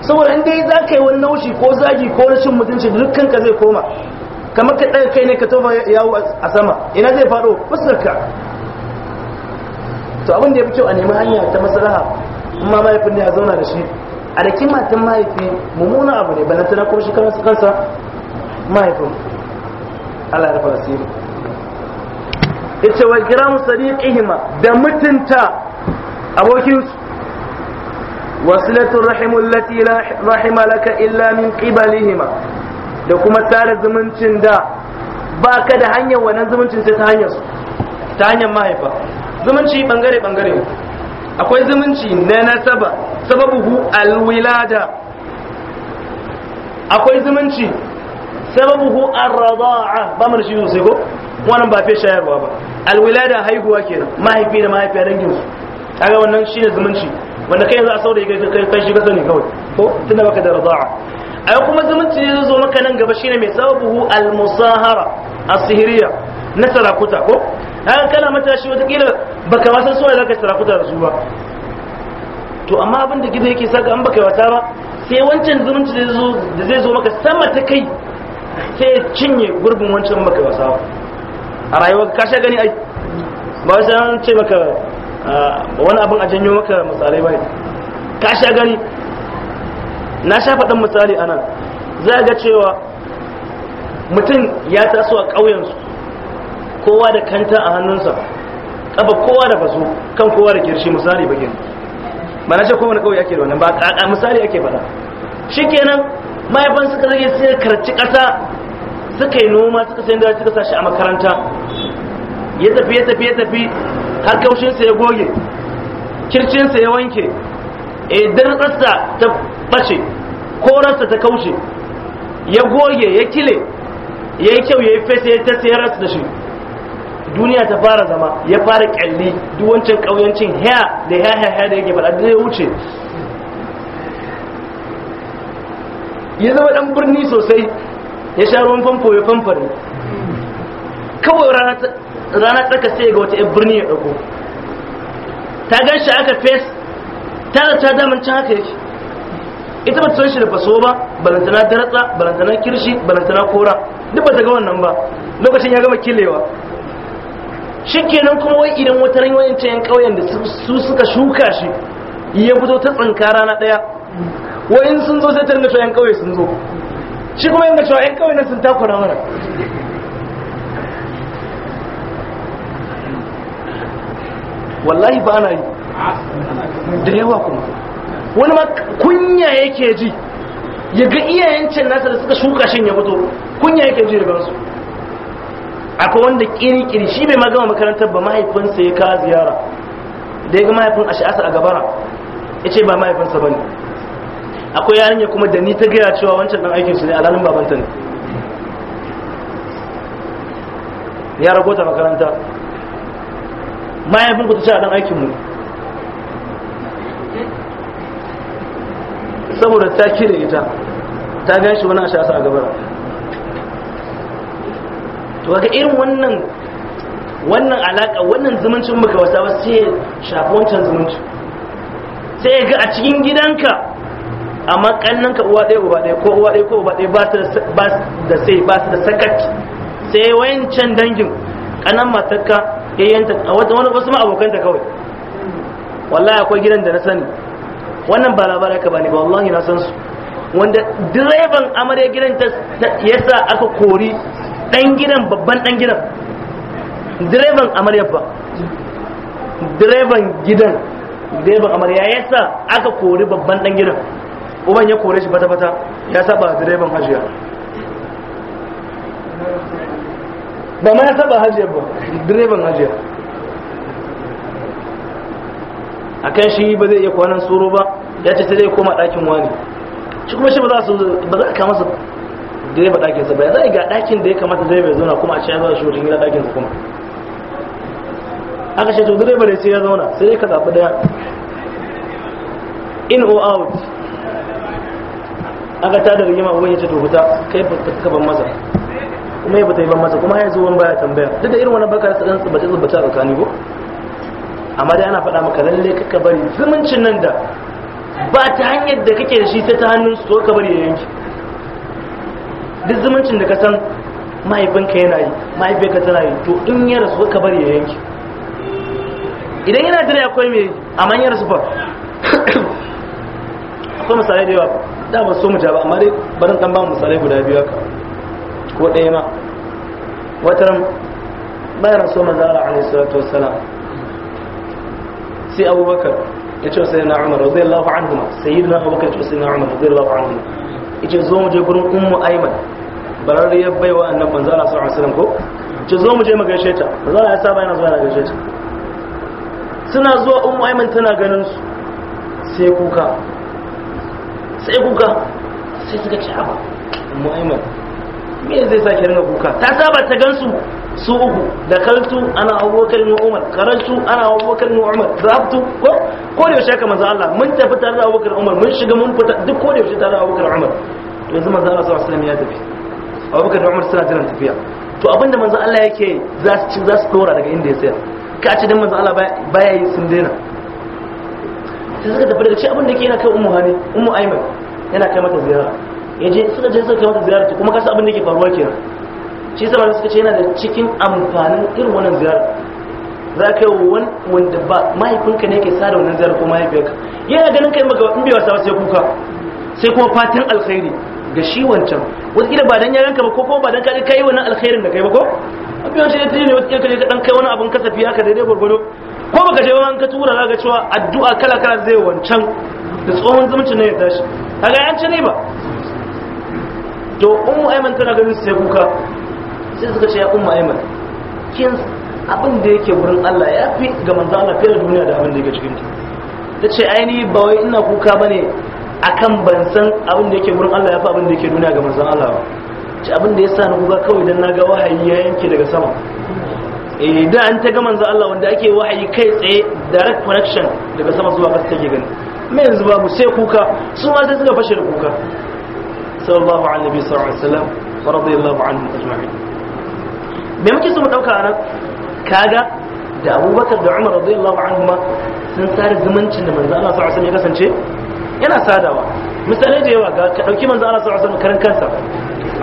saboda in dai za ka yi wani naushi ko zagi ko rashin mutunci dukkan ka zai koma kamar ka ɗaga kai ne ka tofa yawo a sama ina zai faɗo ka to abin da ya fi kyau a nemi hanya ta maslaha in ma mahaifin ne a zauna da shi a da matan mahaifi mummuna abu ne balanta na kuma shi kansa kansa mahaifin Allah da fasiri ita wa kiramu sadiqihima da mutunta abokinsu wasilatul rahimul lati la rahima laka illa min qibalihima da kuma tare zumuncin da ba ka da hanyar wannan zumuncin sai ta hanyar su ta hanyar mahaifa zumunci bangare bangare akwai zumunci na nasaba sababuhu alwilada akwai zumunci sababuhu arradaa ba mu da shi sosai ko wannan ba fi shayarwa ba alwilada haihuwa kenan mahaifi da mahaifiya dangin su kaga wannan shine zumunci wanda kai za a saurayi kai kai shi ka ne kawai ko tunda baka da radaa ai kuma zumunci ne zo maka nan gaba shine mai sababuhu almusahara asihriya na sarakuta ko kaga kana matashi wataƙila baka ka wasan suwa za ka sarakuta da su ba to amma abin da gizo yake saka an baka wata ba sai wancan zumunci da zai zo maka sama ta kai sai ya cinye gurbin wancan maka wasa ba a rayuwa ka sha gani ai ba wasu an ce maka wani abin a janyo maka misalai ba ka sha gani na sha faɗin misali a nan za ga cewa mutum ya taso a ƙauyensu kowa da kanta a hannunsa ƙafa kowa da faso kan kowa da kirshi misali ba ba mana ce kowane kawai ake da wannan ba a misali ake faɗa shi kenan mahaifan suka zage sai karci ƙasa suka yi noma suka sayi da suka sashi a makaranta ya tafi ya tafi ya tafi har kaushinsa ya goge kircinsa ya wanke idan eh, ƙasa ta ɓace korarsa ta kaushe ya goge ya kile ya yi kyau ya yi fesa ya ta sayar da shi duniya ta fara zama ya fara kyalli duk wancan ƙauyancin da ya hair hair da yake faɗa da ya wuce ya zama ɗan birni sosai ya sha ruwan famfo ya famfari. kawai rana tsaka sai ga wata ya birni ya ɗago ta gan shi aka fes ta da ta damar can haka yake ita ba ta san shi da faso ba balantana daratsa balantana kirshi balantana kora duk ba ta ga wannan ba lokacin ya gama kilewa shikenan kuma wai idan wata ranyoyin wayancan kauyen da su suka shuka shi ya fito ta tsinka na ɗaya wayin sun zo sai ta ringa cewa yan ƙauye sun zo shi kuma yanga cewa yan ƙauye na sun takura mana wallahi ba na yi da yawa kuma wani ma kunya yake ji ya ga iyayen can nasa da suka shuka shi ya fito kunya yake ji da gansu akwai wanda kirikiri shi bai magama makarantar ba mahaifinsa ya kawo ziyara da ya ga mahaifin a sha'asa a gabara ya ce ba mahaifinsa ba ne akwai yarinya kuma da ni ta gaya cewa wancan ɗan aikinsu ne alalin babanta ne ya ragota makaranta mahaifin ku ta ce a ɗan aikinmu saboda ta kire ita ta gan shi wani a sha'asa a gabara to kaga irin wannan wannan alaka wannan zumuncin muka wasa ba sai shafi wancan zumuncin sai ga a cikin gidanka amma ka uwa ɗaya uba ɗaya ko uwa ɗaya ko uba ɗaya ba su da sai ba su da sakat sai wancan dangin kanan matarka yayyanta a wata wani wasu ma abokanta kawai wallahi akwai gidan da na sani wannan ba labara ka bane ba wallahi na san su wanda direban amarya gidan ta yasa aka kori dan gidan babban dan gidan direban amaryar ba direban gidan direban amarya ya sa aka kori babban dan gidan uban ya kore shi fata-fata ya saba direban hajiya ba ma ya saba hajiya ba direban hajiya a kan shi ba zai iya kwanan tsoro ba ya ce sai zai koma ɗakin wani shi kuma shi ba za a kama su direba ɗakinsa ba ya zai ga ɗakin da ya kamata direba ya zauna kuma a ce ya zauna shi wajen gida ɗakinsa kuma aka ce to direba da sai ya zauna sai ka zaɓi ɗaya in or out aka tada rigima uban ya ce to huta kai ka ban masa kuma ya bata yi ban masa kuma ya zo wani baya tambaya duk da irin wani baka su ɗan tsibace tsibace a tsakani ko amma dai ana faɗa maka lalle kaka bari zumuncin nan da ba ta hanyar da kake da shi sai ta hannun su ka bari ya yanki duk zumuncin da ka san mahaifinka yana yi mahaifinka tana yi to in ya rasu ka bari ya yanki idan yana jira ya koyi mai amma manyan rasu A akwai misalai da yawa da ba so mu ja ba amma dai barin kan ba misalai guda biyu haka ko ɗaya ma wataran bayan rasu zara a nisa wato sana sai Abubakar ya ce sai na Umar sai yi na Abubakar ya ce sai na Umar an duma yace zo mu je gurin ummu barar ya baiwa annabi manzo Allah sallallahu alaihi wasallam ko ce zo mu je mu gaishe ta manzo Allah ya saba yana zuwa yana gaishe ta suna zuwa ummu aiman tana ganin su sai kuka sai kuka sai suka ci haba ummu aiman me zai sa ki ringa kuka ta saba ta gansu su uku dakaltu ana abubakar ibn umar karantu ana abubakar ibn umar zabtu ko ko da yaushe kamar Allah mun tafi tare da abubakar umar mun shiga mun fita duk ko da yaushe tare da abubakar umar to yanzu manzo Allah sallallahu alaihi wasallam ya tafi abubakar da umar suna jiran tafiya to abinda manzo Allah yake za su ci za su dora daga inda ya tsaya ka ci dan manzo Allah baya yi sun daina sai suka tafi daga ci abinda yake yana kai ummu hani ummu aiman yana kai mata ziyara yaje suka je suka kai mata ziyara kuma kasa abinda yake faruwa kenan shi da suka ce yana da cikin amfanin irin wannan ziyarar za ka yi wanda ba mahaifinka ne ke sada wannan ziyarar ko mahaifiyarka yana ganin kai maka in bai wasa sai kuka sai kuma fatan alkhairi ga shi wancan gida ba dan yaranka ba ko kuma ba dan kaje kai wannan alkhairin da kai ba ko an biyo shi ne wataƙila kaje ka dan kai wani abun kasafi haka daidai gwargwado ko baka je ba an ka tura za ka cewa addu'a kala kala zai wancan da tsohon zumunci ne ya tashi kaga yanci ne ba to ummu aiman tana ganin sai kuka sai suka ce ya umma aiman kin abin da yake wurin Allah ya fi ga manzo Allah fiye da duniya da abin da yake cikin ta ta ce aini ba wai ina kuka bane akan ban san abin da yake wurin Allah ya fi abin da yake duniya ga manzo Allah ba ce abin da yasa na kuka kawai dan naga wahayi ya yanke daga sama eh da an ta ga manzo Allah wanda ake wahayi kai tsaye direct connection daga sama zuwa ƙasa take gani me yanzu babu sai kuka su ma sai suka fashe da kuka sallallahu alaihi wasallam sallam wa radiyallahu anhum ajma'in me muke so mu dauka nan kaga da abubakar da umar radiyallahu anhuma sun tsara zumuncin da manzo Allah sallallahu alaihi wasallam ya kasance yana sadawa misalai da yawa ga ka dauki manzo Allah sallallahu alaihi wasallam karan kansa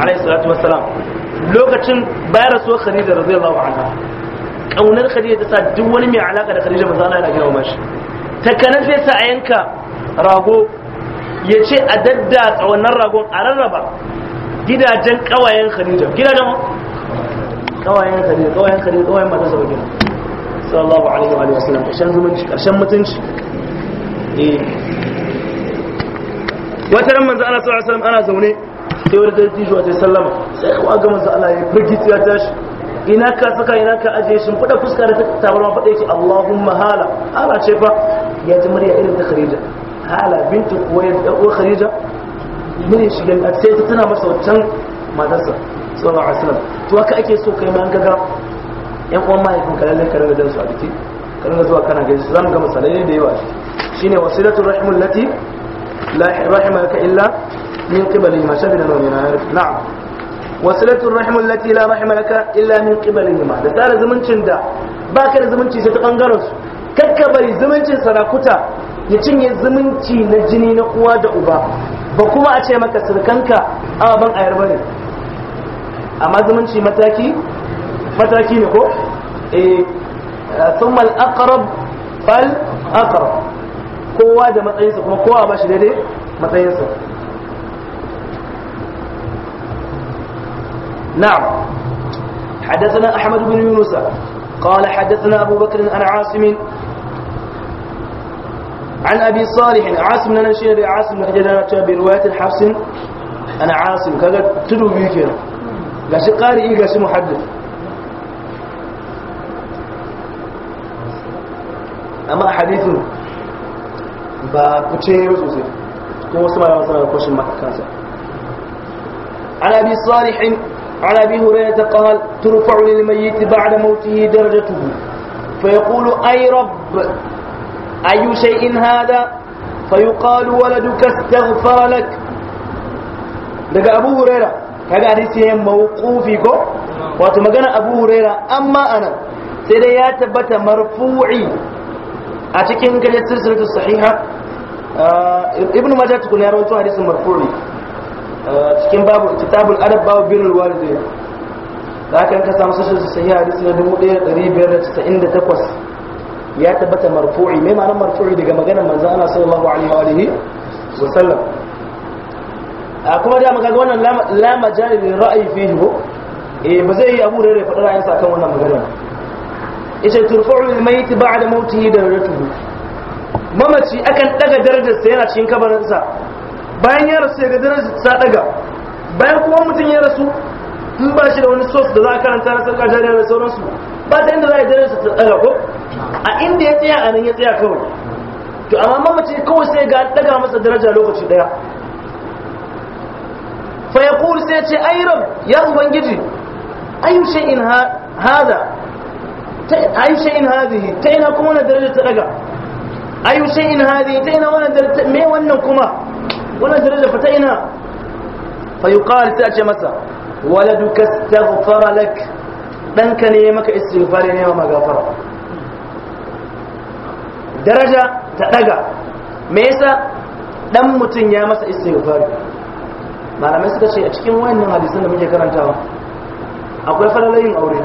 alaihi salatu wassalam lokacin bayar rasuwar Khadija radiyallahu anha kaunar Khadija ta sa duk wani mai alaka da Khadija manzo Allah yana gina mashi ta kanafe sa a yanka rago ya ce a dadda wannan ragon a rarraba gidajen kawayen Khadija gidajen kawayen sa ne kawayen sa ne kawayen mata sa gina sallallahu alaihi wa alihi wasallam karshen zumunci karshen mutunci eh wata ran manzo Allah sallallahu alaihi wasallam ana zaune sai wani dattijo ta sallama sai ko aga manzo Allah ya firgiti ya tashi ina ka saka ina ka aje shi fada fuska da tabarma fada yake Allahumma hala ala ce fa ya ji murya irin ta Khadija hala bintu Khuwaylid da uwar Khadija mune shi da sai ta tana masa wancan matarsa sallallahu alaihi wasallam to haka ake so kai ma an kaga yan uwan mahaifin ka lallai ka rinka su a jiki ka rinka zuwa kana gaji za mu ga misalai da yawa ne wasilatu rahimun lati la ka illa min qibali ma shabina wa min na'am wasilatu rahimun lati la ka illa min qibali ma da tsara zumuncin da ba ka da zumunci sai ta bangaren su kakka bari zumuncin sarakuta ya cinye zumunci na jini na uwa da uba ba kuma a ce maka surkanka a ban ayar bane amma zumunci mataki mataki ne ko eh thumma al-aqrab fal aqrab kowa da matsayinsa kuma kowa ba shi daidai matsayinsa na'am حدثنا أحمد بن يونس قال حدثنا أبو بكر عن عاصم عن أبي صالح عاصم لنا شيء عاصم نحجدنا برواية الحفص أنا عاصم كذا تدو بيكينا لاش قارئ يقاس إيه محدث أما حديث بكتير رسوسي كم وسمى الله صلى الله عليه على أبي صالح على أبي هريرة قال ترفع للميت بعد موته درجته فيقول أي رب أي شيء هذا فيقال ولدك استغفر لك لك أبو هريرة kaga hadisi ne mawqufi ko wato magana Abu Huraira amma ana sai dai ya tabbata marfu'i a cikin kaje silsilatu sahiha ah, ibn majah tukun ya rawaito hadisin marfu'i ah, cikin babu kitabul adab babu birrul walidain da kan ka samu silsilatu sahiha hadisi na 1598 ya tabbata marfu'i me ma'anar marfu'i daga maganar manzo Allah sallallahu alaihi wa alihi wa sallam kuma da magana wannan la majali lil ra'yi fihi ko eh ba zai yi abu da ya faɗa sa kan wannan magana yace turfu'u lil mayt ba'da mawtihi darajatuhu mamaci akan daga darajarsa yana cikin kabarinsa bayan ya rasu ga darajar ta daga bayan kuma mutum ya rasu in ba shi da wani sos da za a karanta na sarka jariya da sauransu ba ta inda za a yi darajar ta daga ko a inda ya tsaya a nan ya tsaya kawai to amma mamaci kawai sai ga daga masa daraja lokaci daya sai ce ai rab ya ubangiji ayu shay'in hada ta ina kuma wannan daraja ta daga ayu in hadhihi ta ina wannan daraja me wannan kuma Wani daraja fa ta ina fa yuqal sai ce masa Wala duka astaghfara lak ɗanka ne maka istighfar ne ma gafara daraja ta daga me yasa ɗan mutum ya masa istighfar malamai suka ce a cikin wannan hadisun da muke karantawa akwai falalayin aure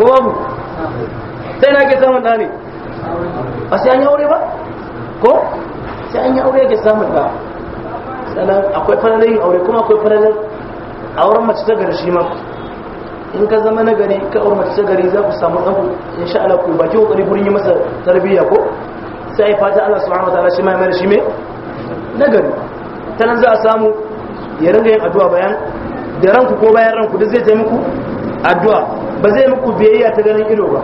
ko babu sai na ke samun ɗani a sai an yi aure ba ko sai an yi aure ke samun ɗa sannan akwai falalayin aure kuma akwai falalayin auren mace ta gari shi ma in ka zama nagari ka auren mace ta gari za ku samu ɗan in sha Allah ku ba ki kokari gurin yi masa tarbiyya ko sai fata Allah subhanahu wa ta'ala shi ma ya mai shi me nagari ta nan za a samu ya ringa yin addu'a bayan da ranku ko bayan ranku da zai taimaku muku addu'a ba zai muku biyayya ta ganin ido ba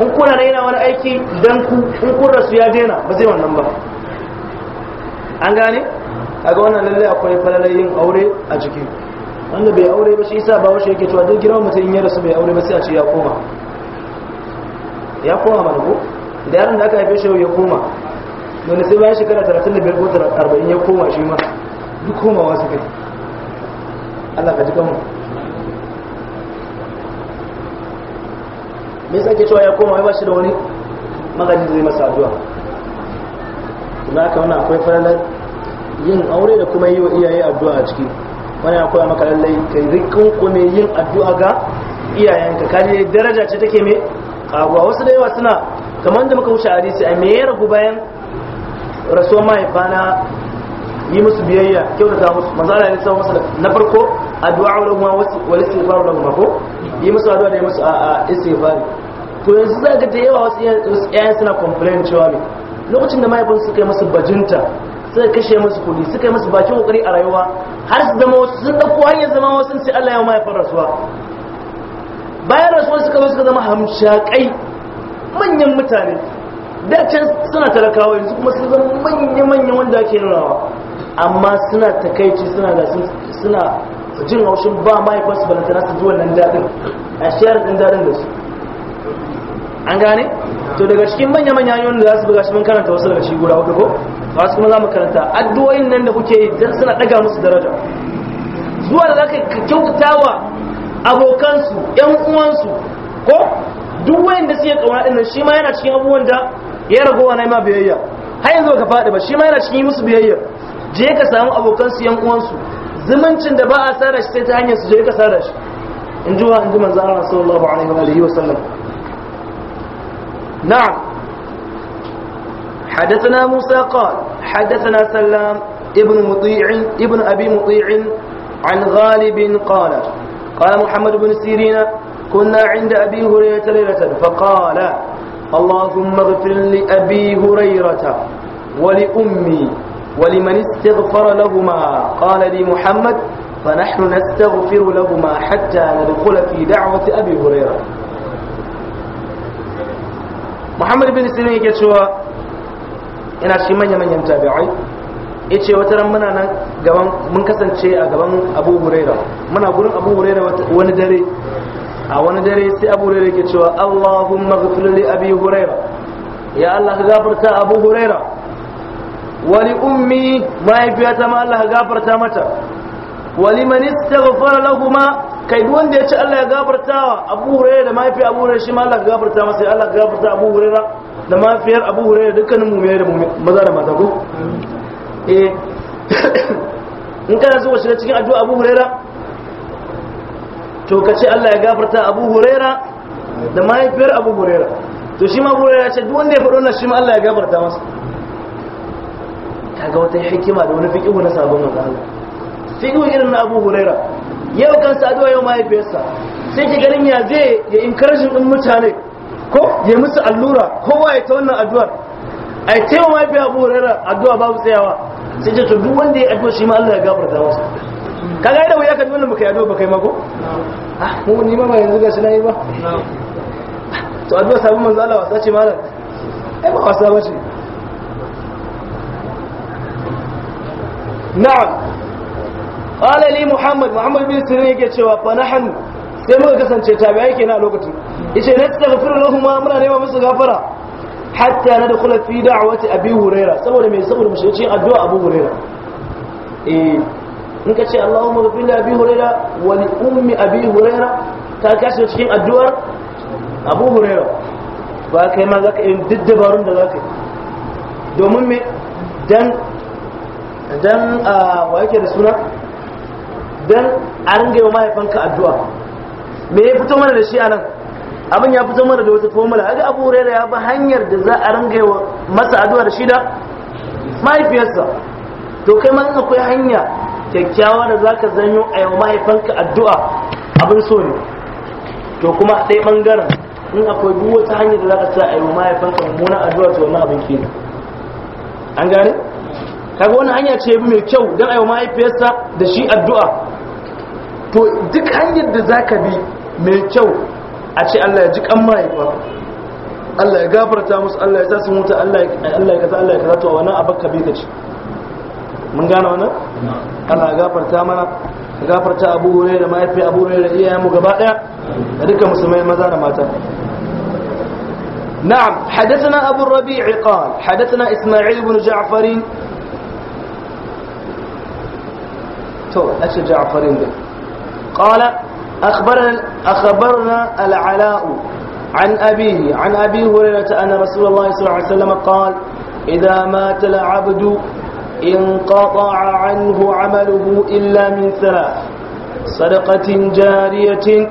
in kuna na yana wani aiki dan ku in kun rasu ya daina ba zai wannan ba an gane a ga wannan lalle akwai falalai yin aure a jiki wanda bai aure ba shi isa ba wasu yake cewa duk girman mutum in ya rasu bai aure ba sai a ce ya koma ya koma mana ko da yaron da aka haife shi ya koma wani sai bayan shekara 35 ko 40 ya koma shi ma duk komawa su gani Allah ka ji kama. me yasa cewa ya koma ba shi da wani magani zai masa addu'a tunda aka wani akwai falalar yin aure da kuma yi wa iyaye addu'a a ciki wani ya koya maka lallai kai rikin kome yin addu'a ga iyayenka kaje daraja ce take me kaguwa wasu da yawa suna kamar da muka wuce hadisi a me ya ragu bayan rasuwar mahaifa na yi musu biyayya kyautata musu manzo Allah ya sa masa na farko addu'a lahum wa istighfar lahum ko yi musu addu'a da yi musu istighfar to yanzu za ga da yawa wasu yayan suna complain cewa me lokacin da mahaifin suka yi musu bajinta suka kashe musu kudi suka yi musu bakin kokari a rayuwa har su zama wasu sun dauko hanyar zama wasu sai Allah ya mahaifin rasuwa bayan rasuwa suka zo suka zama hamshakai manyan mutane da can suna talakawa yanzu kuma sun zama manya-manya wanda ake rawa. amma suna takaici suna da suna jin haushin ba mahaifarsu balantana su ji wannan daɗin a shiyar ɗin daɗin da su an gane to daga cikin manya manya hanyoyin da za su buga shi mun karanta wasu daga shi guda hudu ko ba su kuma za mu karanta addu'o'in nan da kuke yi suna ɗaga musu daraja zuwa da za ka wa abokansu yan uwansu ko duk da suke kauna din nan shi ma yana cikin abubuwan da ya ragowa na ma biyayya har yanzu ka faɗi ba shi ma yana cikin musu biyayya je ka samu abokansu yan uwansu zumuncin da ba a sarar shi sai ta hanyar su je ka sarar shi in ji wa in ji manzo Allah sallallahu alaihi wa alihi wa sallam na'am حدثنا موسى قال حدثنا سلام ابن مطيع ابن أبي مطيع عن غالب قال قال محمد بن سيرين كنا عند أبي هريرة ليلة فقال اللهم اغفر لأبي هريرة ولأمي ولمن استغفر لهما قال لي محمد فنحن نستغفر لهما حتى ندخل في دعوة أبي هريرة محمد بن سيرين yake cewa ina cikin manya-manyan tabi'ai wata ran muna nan gaban mun kasance a gaban Abu Huraira muna gurin Abu Huraira wani dare a wani dare sai Abu Huraira yake cewa Allahumma ghfir li Abi Huraira ya Allah ka gafarta Abu Huraira wali ummi mahaifiyata ma Allah gafarta mata wali man istaghfara lahumma kai duk wanda ya ci Allah ya gafarta wa Abu Hurairah da mahaifiyar Abu Hurairah shi ma Allah gafarta masa Allah gafarta Abu Hurairah da mahaifiyar Abu Hurairah dukkanin mu'mini da maza da mata ko eh in kana so shiga cikin addu'a Abu Hurairah to ka ce Allah ya gafarta Abu Hurairah da mahaifiyar Abu Hurairah to shi ma Abu Hurairah ya ce duk wanda ya faɗo na shi ma Allah ya gafarta masa kaga wata hikima da wani fiƙihu na sabon manzo Allah fiƙihu irin na Abu Huraira yau kan saduwa yau mahaifiyarsa sai ki ganin ya zai ya encouraging din mutane ko ya musu allura kowa ya ta wannan addu'ar ai ta yau mahaifiya Abu Huraira addu'a babu tsayawa sai ce to duk wanda ya addu'a shi ma Allah ya da masa kaga da wuya ka ji wannan baka yi addu'a baka yi mako ah mu ni ma ba yanzu ga na yi ba to addu'a sabon manzo Allah wasa ce malam ai ba wasa ba ce na'am qala li muhammad muhammad bin sirin yake cewa fa nahnu sai muka kasance tabi'ai kenan a lokacin yace tsagfiru lahum ma muna nema musu gafara hatta nadkhula fi da'wati abi huraira saboda me saboda mushrikin addu'a abu huraira eh in ka ce Allahumma ghfir li abi huraira wa li ummi abi huraira ka kashe cikin addu'ar abu huraira ba kai ma zaka yi duk dabarun da zaka yi domin me dan dan wa yake da suna dan a ringa yi mahaifanka addu'a me ya fito mana da shi anan abin ya fito mana da wata formula haka abu huraira ya bi hanyar da za a ringa yi masa addu'a da shi da mahaifiyarsa to kai ma kai hanya kyakkyawa da zaka zanyo a yau mahaifanka addu'a abin so ne to kuma a ɗaya ɓangaren in akwai duk wata hanyar da zaka sa a yau mahaifanka mummunan addu'a to wani abin ke an gane kaga wani hanya ce mai kyau don ma mahaifiyarsa da shi addu'a to duk hanyar da za ka bi mai kyau a ce allah ya ji kan mahaifa allah ya gafarta musu allah ya sa su mutu allah ya kasa allah ya kasa to a wani abin ka bi ka ci mun gane wani allah ya gafarta mana gafarta abu hure da mahaifi abu hure da yamu gaba ɗaya da duka musulmai maza da mata نعم حدثنا أبو الربيع قال حدثنا إسماعيل بن جعفر تو اشجع جعفرين ده قال أخبرنا, أخبرنا العلاء عن أبيه عن أبي هريرة أن رسول الله صلى الله عليه وسلم قال إذا مات العبد انقطع عنه عمله إلا من ثلاث صدقة جارية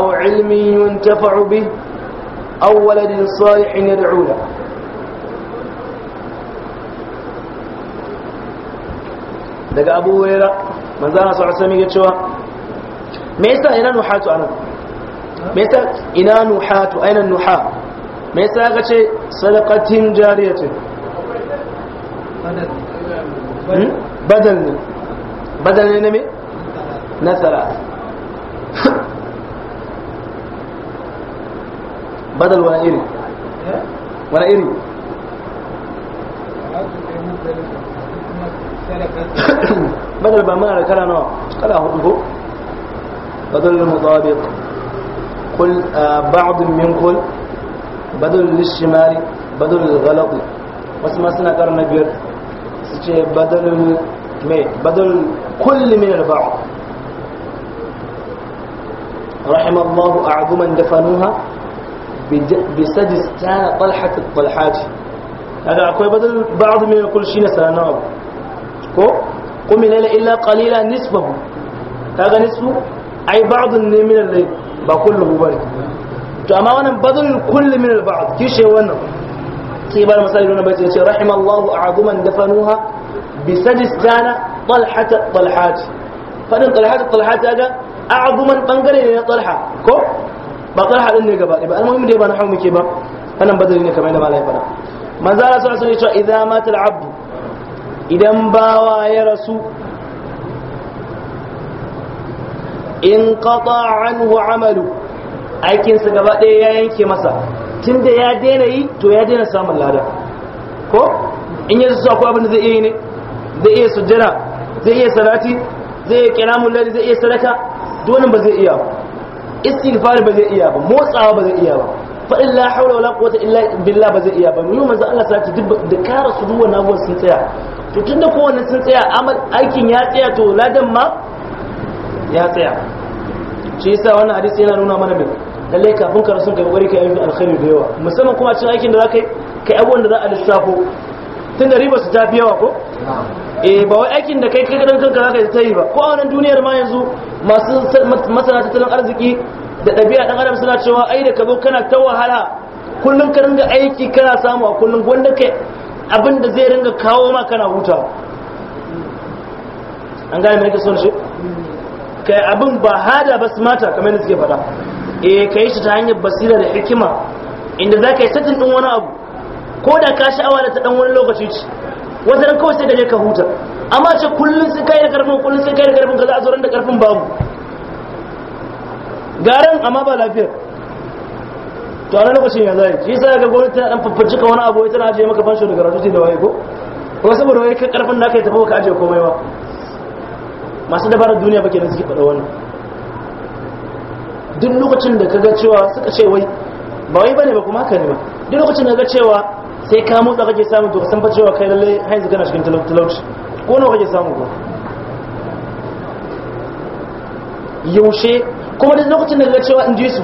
أو علم ينتفع به أو ولد صالح يدعو له daga abu huraira manzo Allah sallallahu mai cewa me yasa ina nuhatu anan me yasa ina nuhatu aina nuha me yasa ka ce sadaqatin jariyatin hmm? badal ne badal ne me na sala badal wani iri eh? wani iri بدل ba muna da kala nawa kala بدل المطابق قل آه، بعض من قل بدل للشمال بدل الغلط بس ما suna karar بير بدل su بدل كل من البعض رحم الله أعظما دفنوها بسدستان طلحة الطلحات هذا أقول بدل بعض من كل شيء سنة ko qum ila illa qalila nisbahu kaga nisbu ai ba'dun ne min al-layl ba kulluhu bari to amma wannan badalul kulli min al-ba'd kishe wannan sai bar misali wannan bai ce rahimallahu a'zuman dafanuha bi sajistana talhata talhat fadin talhata talhat ga a'zuman bangare ne na talha ko ba talha din ne gaba ba almuhim dai ba na hawo muke ba wannan badali ne kamar yadda malai fara manzo Allah sallallahu alaihi wasallam ya ce idza mata al-abd idan bawa ya rasu in qata anhu amalu aikinsa gaba ɗaya ya yanke masa tunda ya daina yi to ya daina samun lada ko in ya zuwa ko abin da zai iya yi ne zai iya sujjana zai iya salati zai iya kiramun lari zai iya sadaka dole ba zai iya ba istighfar ba zai iya ba motsawa ba zai iya ba fa illa haula wala quwwata illa billah ba zai iya ba mu manzo Allah sai duk da kara su duwa na gwan sun tsaya to tunda kowanne sun tsaya amal aikin ya tsaya to ladan ma ya tsaya shi yasa wannan hadisi yana nuna mana mai lallai kafin ka sun ka kokari ka yi alkhairi da yawa musamman kuma cin aikin da za ka yi kai abubuwan da za a lissafo tun da riba su ta fi yawa ko eh ba wai aikin da kai kai kanka za ka yi ta yi ba ko a wannan duniyar ma yanzu masu masana tattalin arziki da ɗabi'a ɗan adam suna cewa ai da kabo kana ta wahala kullum ka ringa aiki kana samu a kullum wanda ke abin da zai ringa kawo ma kana huta an gane mai son shi kai abin ba hada ba mata kamar yadda suke faɗa eh ka yi shi ta hanyar basira da hikima inda za ka yi satin ɗin wani abu ko da ka sha'awa da ta ɗan wani lokaci ce wata ran kawai sai da je ka huta amma ce kullum sai kai da karfin kullum sai kai da karfin ka za a zo da karfin babu garan amma ba lafiyar to a lokacin ya zai shi sai ga gwamnati ta dan faffaci ka wani abu ita na ajiye maka fansho da rajuti da waye ko ko saboda waye ka karfin da kai tafi ka ajiye komai ba masu dabarar duniya ba kenan suke faɗa wannan duk lokacin da kaga cewa suka ce wai ba wai bane ba kuma haka ne ba duk lokacin da kaga cewa sai ka motsa kake samu to san fa cewa kai lalle haizu kana cikin talauci ko nawa kake samu ko yaushe kuma da lokacin da ga cewa in ji su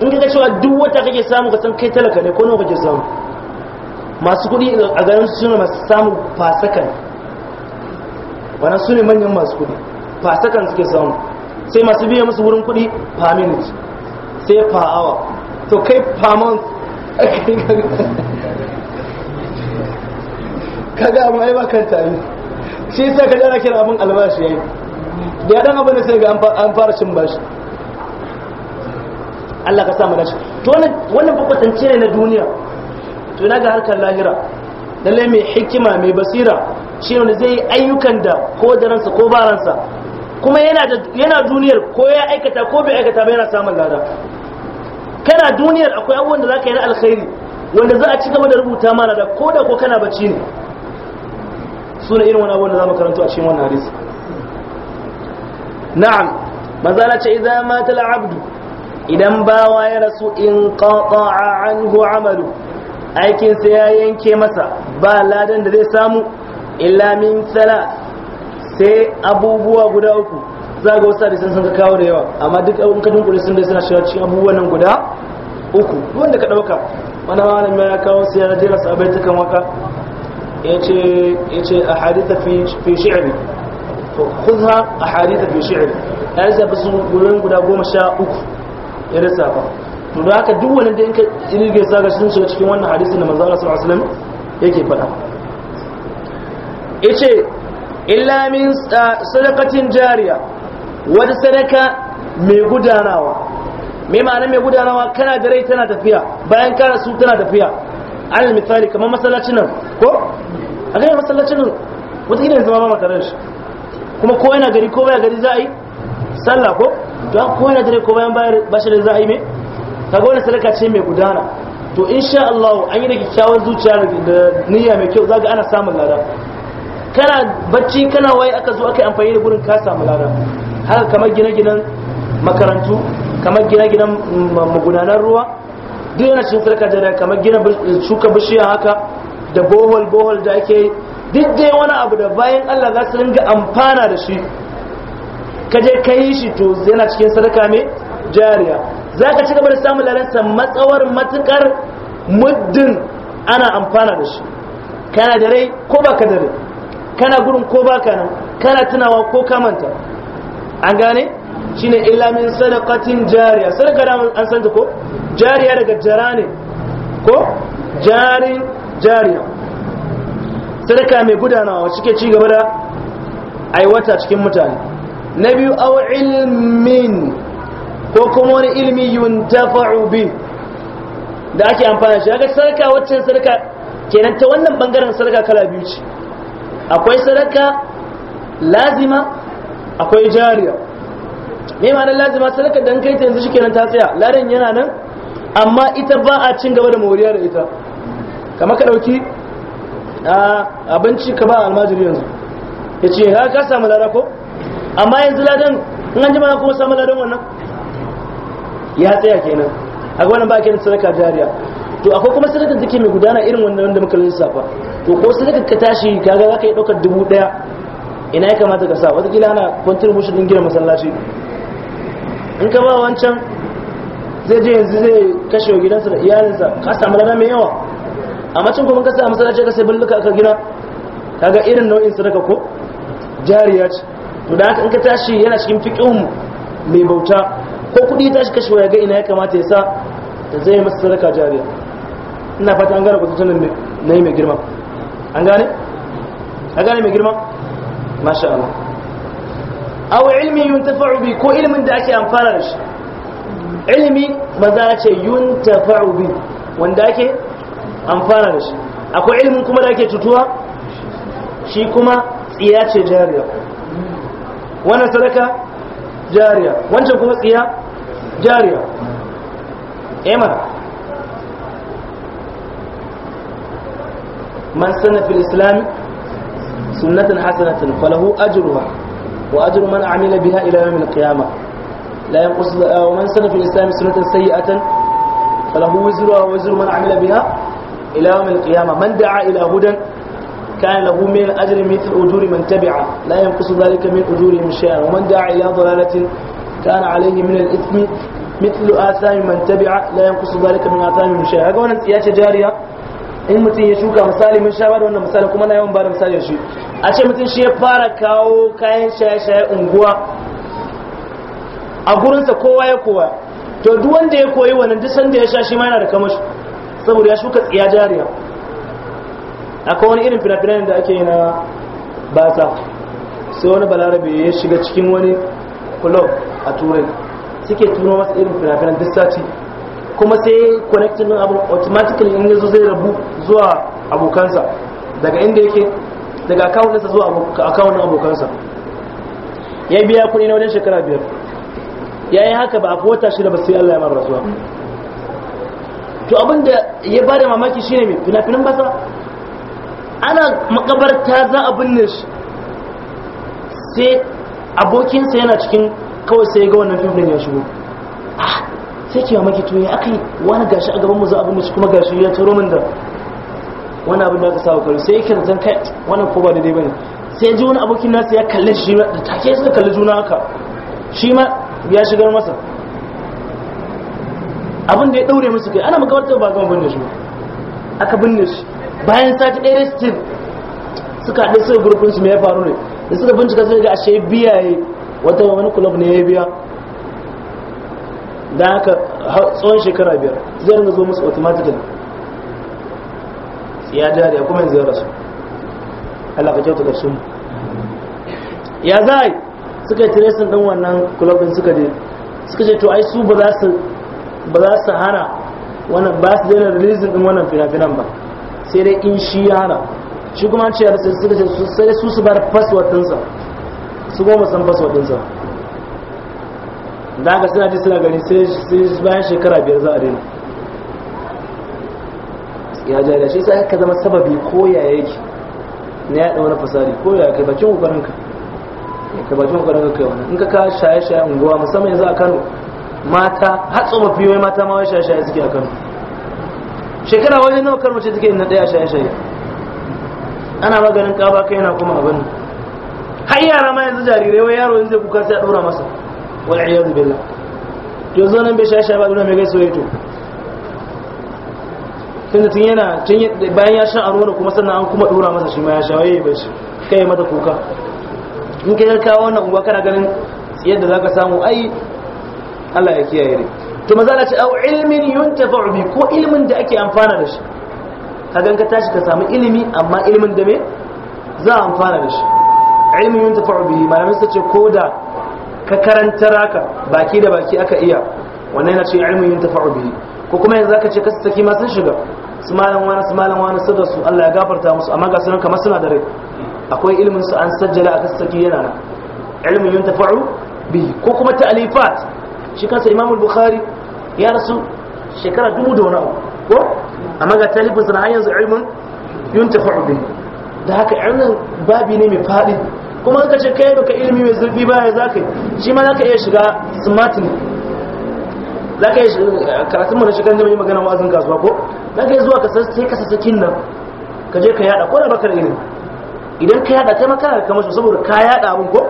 in ga cewa duk wata kake samu ka san kai talaka ne ko nawa kake samu masu kuɗi a garin su ne masu samu fasakan wannan su ne manyan masu kuɗi fasakan suke samu sai masu biya musu wurin kuɗi per minute sai per hour to kai per month kaga abu ai ba kan tare shi sai ka dana kira abin albashi yayi da ya dan abin da sai ga an fara cin bashi Allah ka sa mu dace to wannan wannan bakwatance ne na duniya to na ga harkar lahira lalle mai hikima mai basira shi ne zai yi ayyukan da ko da ransa ko ba ransa kuma yana da yana duniyar ko ya aikata ko bai aikata ba yana samun lada kana duniyar akwai abubuwan da zaka yi na alkhairi wanda za a ci gaba da rubuta mana da ko da ko kana bacci ne suna irin wani abubuwan da zamu karanto a cikin wannan hadisi na'am na ce idza mata al-abdu idan bawa ya rasu in qata'a anhu amalu aikin sa ya yanke masa ba ladan da zai samu illa min sala sai abubuwa guda uku za ga wasu hadisan sun ka kawo da yawa amma duk abun kadin kudi sun dai suna shiga cikin abubuwan nan guda uku wanda ka dauka wani malami ya kawo su ya jera sabai ta kan waka ya ce a hadita fi shi'ri to khudha a hadita fi shi'ri ya zaba su gurin guda goma sha uku ya lissafa to da haka duk wani da in ka irge saka sun shiga cikin wannan hadisin na manzo sun sallallahu alaihi wasallam yake faɗa yace illa min ah, sadaqatin jariya wani sadaka mai gudanawa mai ma'ana mai gudanawa kana da rai tana tafiya bayan ka su tana tafiya alal misali kamar masallacin nan ko a gani masallacin nan wata gidan zama ba makarar shi kuma ko yana gari ko baya gari za a yi sallah ko don ko yana tare ko bayan bashirin za a yi mai ta gwamnati sadaka ce mai gudana to insha Allah an yi da kyakkyawar zuciya da niyya mai kyau zaga ana samun lada kana bacci kana waye aka zo aka yi amfani da gurin ka samu lada har kamar gine-ginen makarantu kamar gine-ginen magudanar ruwa duk yana cikin sadaka da kamar gina shuka bishiya haka da bohol bohol da ake yi duk dai wani abu da bayan Allah za su ringa amfana da shi ka je ka yi shi to yana cikin sadaka mai jariya za ka ci gaba da samun lalansa matsawar matukar muddin ana amfana da shi kana da rai ko baka da rai kana gurin ko baka nan kana tunawa ko kamanta an gane shine illa min sadakatin jariya sadaka da an santa ko jariya daga jara ne ko jarin jariya sadaka mai gudanawa cike ci gaba da aiwata cikin mutane na biyu aw ilmin ko kuma wani ilmi yuntafa'u bi da ake amfana shi kaga sarka wacce sarka kenan ta wannan bangaren sarka kala biyu ce akwai sarka lazima akwai jariya me ma lazima sarka dan kai ta yanzu kenan ta tsaya ladan yana nan amma ita ba a cin gaba da moriya da ita kamar ka dauki abinci ka ba almajiri yanzu ya ce ha ka samu lara ko amma yanzu ladan in an jima kuma samu ladan wannan ya tsaya kenan a ga wannan ba kenan sadaka jariya to akwai kuma sadakar take mai gudana irin wannan wanda muka safa to ko sadakar ka tashi kaga zaka yi daukar dubu daya ina ya kamata ka sa wata kila ana contribution din gina masallaci in ka ba wancan zai je yanzu zai kashe wa gidansa da iyalinsa ka samu ladan mai yawa a macin kuma ka sa masallaci ka sai bulluka aka gina kaga irin nau'in sadaka ko jariya ce to da haka in ka tashi yana cikin fiqhun mai bauta ko kudi ya tashi kashewa ya ga ina ya kamata ya sa ta zai masa sadaka jariya ina fata an gane kwatancin na yi mai girma an gane? an gane mai girma? masha Allah awa ilmi yun tafa'u bi ko ilmin da ake amfana da shi ilimi maza ce yun tafa'u bi wanda ake amfana da shi akwai ilmin kuma da ake cutuwa shi kuma tsiya ce jariya wannan sadaka jariya wancan kuma tsiya jariya ema man sana fil islam sunnatan hasanatan falahu ajruha wa ajru man amila biha ila yawm al-qiyamah la yanqus wa man sana fil islam sunnatan sayyi'atan falahu wizruha wa wizru man amila biha ila yawm al-qiyamah man da'a ila hudan كان له من الأجر مثل أجور من تبعه لا ينقص ذلك من أجورهم شيئا ومن دعا إلى ضلالة كان عليه من الإثم مثل آثام من تبع لا ينقص ذلك من آثام من شيء هذا wannan tsiya ce jariya in mutum ya shuka misali mun sha bada wannan misali kuma na yawan da misali ya shi a ce mutum shi ya fara kawo kayan shaye-shaye unguwa a gurinsa kowa ya kowa to duk wanda ya koyi wannan duk sanda ya sha shi ma yana da kamashi saboda ya shuka tsiya jariya akwai wani irin fina da ake na basa sai wani balarabe ya shiga cikin wani kulob a turai suke turo masa irin fina-finan sati kuma sai connecting din abin automatically in yazo zai rabu zuwa abokansa daga inda yake daga account ɗinsa zuwa account abokansa ya biya kuɗi na wajen shekara biyar ya yi haka ba a fi wata da ba sai Allah ya mara rasuwa to abinda ya ba da mamaki shine mai fina-finan basa ana makabarta za a binne shi sai abokinsa yana cikin kawai sai ga wannan fim ya shigo ah, sai ke maki to ya aka yi wani gashi a gaban mu za a binne shi kuma gashi ya taro min da wani abin da aka sa kare sai yake zan kai wannan ko ba daidai bane sai ji wani abokin nasa ya kalle shi da take suka kalli juna haka shi ma ya shigar masa abin da ya daure musu kai ana makabarta ba gaban binne shi aka binne shi bayan sati ɗaya sitin suka haɗe sai gurbin su me ya faru ne da suka bincika sai ga ashe biyaye wata wani kulob ne ya biya da haka tsawon shekara biyar zai ringa zo musu automatically ya da ya kuma yanzu ya rasu Allah ka kyauta karshen mu ya za a suka yi tracing ɗin wannan kulobin din suka je suka ce to ai su ba za su hana wannan ba su daina releasing ɗin wannan fina-finan ba sai dai in shi ya hana shi kuma ce sai suka ce sai su su bar password ɗinsa su goma san password ɗinsa da aka suna ji suna gani sai bayan shekara biyar za a daina ya jari shi sai aka zama sababi ko ya yake na yaɗa wani fasari ko ya kai bakin kokarin ka bakin kokarin kai wani in ka ka shaye shaye unguwa musamman yanzu a Kano mata hatsu mafi fiyoyi mata ma wai shaye shaye suke a Kano shekara wajen nawa kar mace take na daya shaye shaye ana maganin kaba kai yana kuma abin har yara ma yanzu jarirai wai yaro yanzu kuka sai a dora masa wal iyadu billah to zo nan bai shaye shaye ba dole mai gaiso yato tunda tun yana tun bayan ya sha aro kuma sannan an kuma dora masa shi ma ya sha waye bai shi kai mata kuka in kai ka kawo wannan uba kana ganin yadda zaka samu ai Allah ya kiyaye ni to maza ce au ilmin yuntafa'u bi ko ilmin da ake amfana da shi ka ka tashi ka samu ilimi amma ilmin da me za a amfana da shi ilmin yuntafa'u bi malamai su ce ko da ka karanta raka baki da baki aka iya wannan yana ce ilmin yuntafa'u bi ko kuma yanzu zaka ce ka saki ma sun shiga su malam wani su malam wani su da su Allah ya gafarta musu amma ga sunan kamar suna da rai akwai ilmin su an sajjala a saki yana nan ilmin yuntafa'u bi ko kuma ta'alifat shi kansa imamul bukhari ya rasu shekara dubu da wani ko amma ga talibin sana an yanzu ilmin yun tafi bihi da haka ilmin babi ne mai faɗi kuma ka ce kai baka ilimi mai zurfi ba ya zaka shi ma zaka iya shiga smartin zaka iya karatun mana shigar da magana wa'azin kasuwa ko zaka iya zuwa ka sai ka sasakin nan ka je ka yada ko da bakar da ilimi idan ka yada kai makana da kamar saboda ka yada abin ko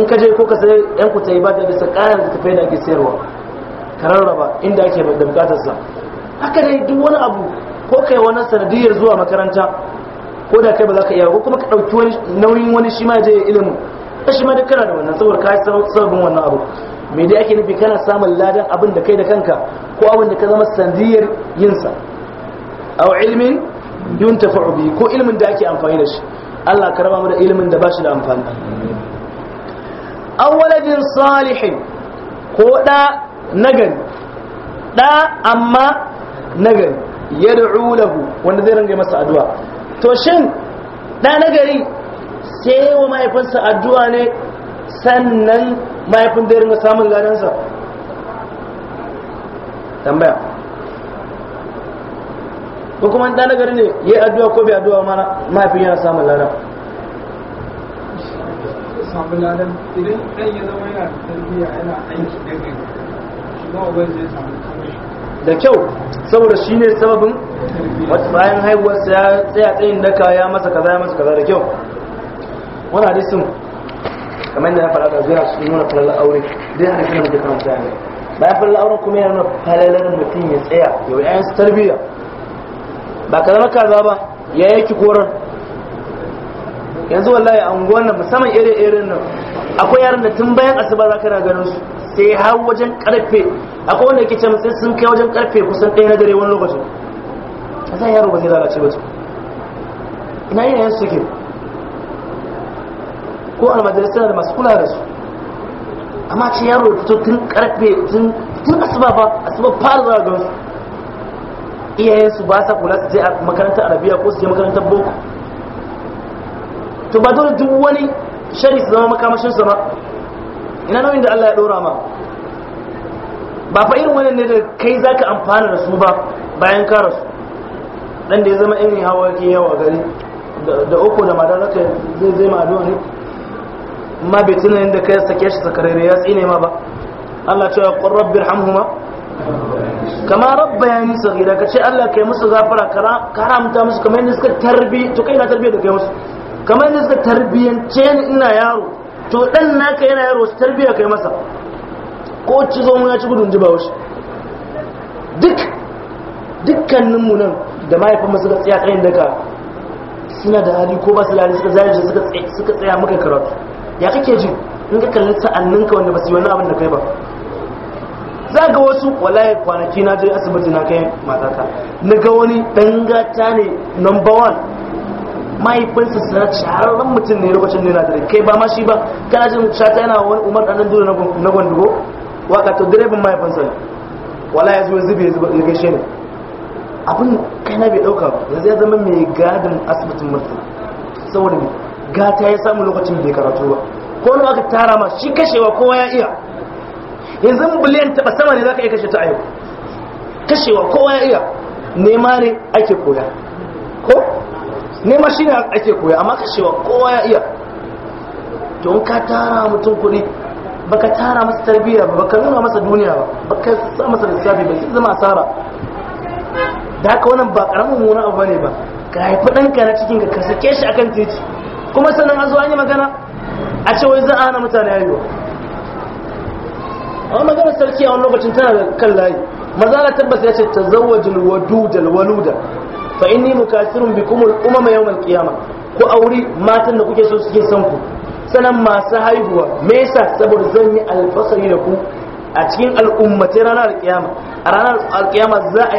in ka je ko ka sai yan kutai ba da bisa kayan da ta faida ake sayarwa ka rarraba inda ake da bukatarsa haka dai duk wani abu ko kai wani sanadiyar zuwa makaranta ko da kai ba za ka iya ko kuma ka ɗauki nauyin wani shi ma je ilimin shi ma duk kana da wannan saboda ka yi sababin wannan abu me dai ake nufi kana samun ladan abin da kai da kanka ko abin da ka zama sanadiyar yinsa aw ilmin yuntafa'u bi ko ilmin da ake amfani da shi Allah ka raba mu da ilimin da ba bashi da amfani awwaladin salihin ko da nagari da amma nagari da lahu wanda zai rangai masa addu'a to shin da nagari sai wa mahaifinsa addu'a ne sannan mahaifin ya rinka samun ladansa tambaya ko kuma da nagari ne yayi addu'a ko bai addu'a mana mahaifin yana samun ladan samun ladan idan ɗan ya zama yana tarbiya yana aiki da da kyau saboda shi ne sababin bayan sa ya tsaya tsayin daka ya masa kaza ya masa kaza da kyau wani hadisun kamar da ya faɗa da zuwa su nuna falalar aure zai hana kuma da kan tsaya bayan falalar auren kuma yana nuna falalar mutum ya tsaya ya wani ayan tarbiyya ba ka zama kaza ba ya yaki koran yanzu wallahi an gwanan musamman irin irin nan akwai yaran da tun bayan asuba za ka na ganin su sai har wajen karfe akwai wanda yake cewa sai sun kai wajen karfe kusan ɗaya na dare wani lokacin a zai yaro ba zai lalace ba ina na yansu suke ko almajalisa da masu kula da su amma ce yaro ya fito tun karfe tun asuba ba asuba fara za a su iyayensu ba sa kula su je makarantar arabiya ko su je makarantar boko to ba dole duk wani shari su zama makamashinsa ba ina nauyin da Allah ya ɗora ma ba fa irin wannan ne da kai za ka amfana da su ba bayan ka rasu dan da ya zama irin hawa ke yawa gari da uku da madara ka zai zai ma'aduwa ne ma bai tuna yadda ka sake shi sakarere ya tsine ma ba Allah ce wa rabbi irhamhuma ya nisa saghira ka ce Allah kai musu zafara karamta musu kamar yadda suka tarbi to kai na tarbi da kai musu kamar yadda suka tarbiyyance ni ina yaro to dan naka yana yaro su tarbiya kai masa ko ci zo mu ya ci gudun jiba wasu duk dukkaninmu nan da mahaifinmu suka tsaya tsayin daga suna da hali ko ba su lalai suka zaraje suka tsaya muka karatu ya kake ji in ka kalli sa'anninka wanda ba su yi wani abin da kai ba za ga wasu wallahi kwanaki na je asibiti na kai matata na ga wani dangata ne number one mahaifinsa sa shahararren mutum ne lokacin nuna dare kai ba ma shi ba kana jin shata yana wani umar ɗan dole na gwandugo waka to direbin mahaifinsa ne wala ya zo zube ya gaishe ne abin na bai ɗauka ba yanzu ya zama mai gadin asibitin mutum saboda ne gata ya samu lokacin bai karatu ba ko na aka tara ma shi kashewa kowa ya iya yanzu biliyan taɓa sama ne za ka iya kashe ta a yau kashewa kowa ya iya nema ne ake koya ko nema shi ne ake koya amma ka shewa kowa ya iya don ka tara mutum kuɗi baka tara masa tarbiyya ba ka nuna masa duniya ba ka sa masa lissafi ba sai zama asara da haka wannan ba karamin muna abu ne ba ka haifi ɗanka na cikin ka sake shi akan titi kuma sannan a zo an yi magana a ce wai za a hana mutane yayo a maganar sarki a wani lokacin tana da kan layi maza da tabbas ya ce ta zawajin wadu da waluda fa inni mukasirun bikum al-umama yawm al-qiyamah ku auri matan da kuke so suke son ku sanan masu haihuwa me yasa saboda zan yi albasari da ku a cikin al'ummatai ranar alkiyama a ranar alkiyama za a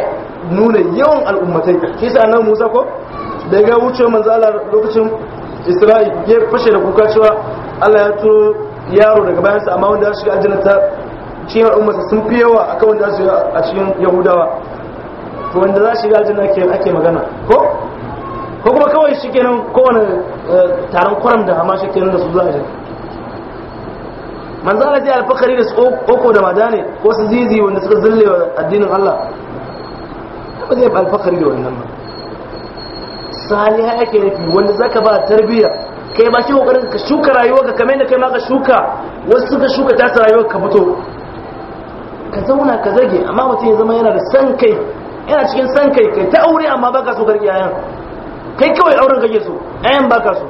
nuna yawan al'ummatai shi sa nan musa ko daga wucewa wuce lokacin isra'i ya fashe da kuka cewa allah ya turo yaro daga bayansa amma wanda ya shiga aljanna cikin cikin al'ummarsa sun fi yawa akan wanda ya shiga a cikin yahudawa to wanda za shiga aljanna ke ake magana ko ko kuma kawai shi kenan kowane eh, taron kwaram da hama shi kenan da su za a je manzo Allah ya alfakari da su oko da madane ko su zizi wanda suka zille wa addinin Allah ko zai alfakari da wannan ba saliha ake nufi wanda zaka ba tarbiyya kai ba shi kokarin ka shuka rayuwarka kamar yadda kai ma ka shuka wasu suka shuka ta rayuwa ka fito ka zauna ka zage amma mutum ya zama yana da san kai Ina cikin san kai kai ta aure amma baka so garki yayan kai kawai auren kake so ayan baka so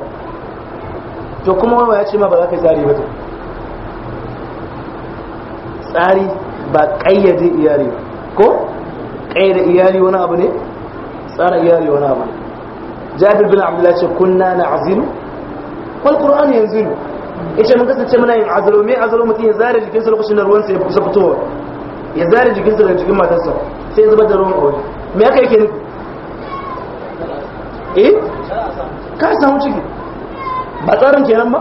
to kuma wani ya ce ma ba za ka tsari ba tsari ba kayyade iyali ko kayyade iyali wani abu ne tsara iyali wani abu ne jabir bin abdullahi ce kunna na azilu wal qur'an yanzilu yace mun kasance muna yin azalo me azalo mutum ya zare jikinsa lokacin da ruwansa ya kusa fitowa ya zare jikinsa daga jikin matarsa sai zubar da ruwan aure me aka yake nufi eh ka samu ciki ba tsarin kenan ba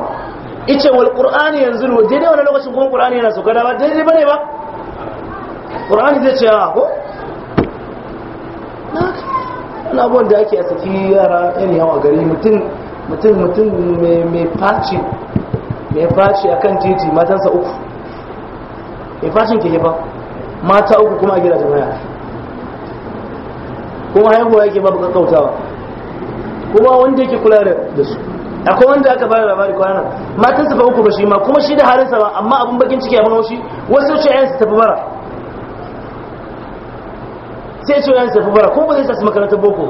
ice wal qur'ani yanzu ne daidai wani lokacin kuma qur'ani yana sauka da ba daidai bane ba qur'ani zai ce a ko na abubuwan da ake a saki yara yan yawa gari mutum mutum mutum mai faci mai faci a kan titi matansa uku mai facin ke ba mata uku kuma a gidajen haya kuma haihuwa yake babu kakkautawa kuma wanda yake kula da su akwai wanda aka bayar labari kwana matan sa fa uku ba shi ma kuma shi da halin sa ba amma abun bakin ciki abun haushi wasu ce ayan su tafi bara sai ce ayan su tafi bara ko zai sasu makarantar boko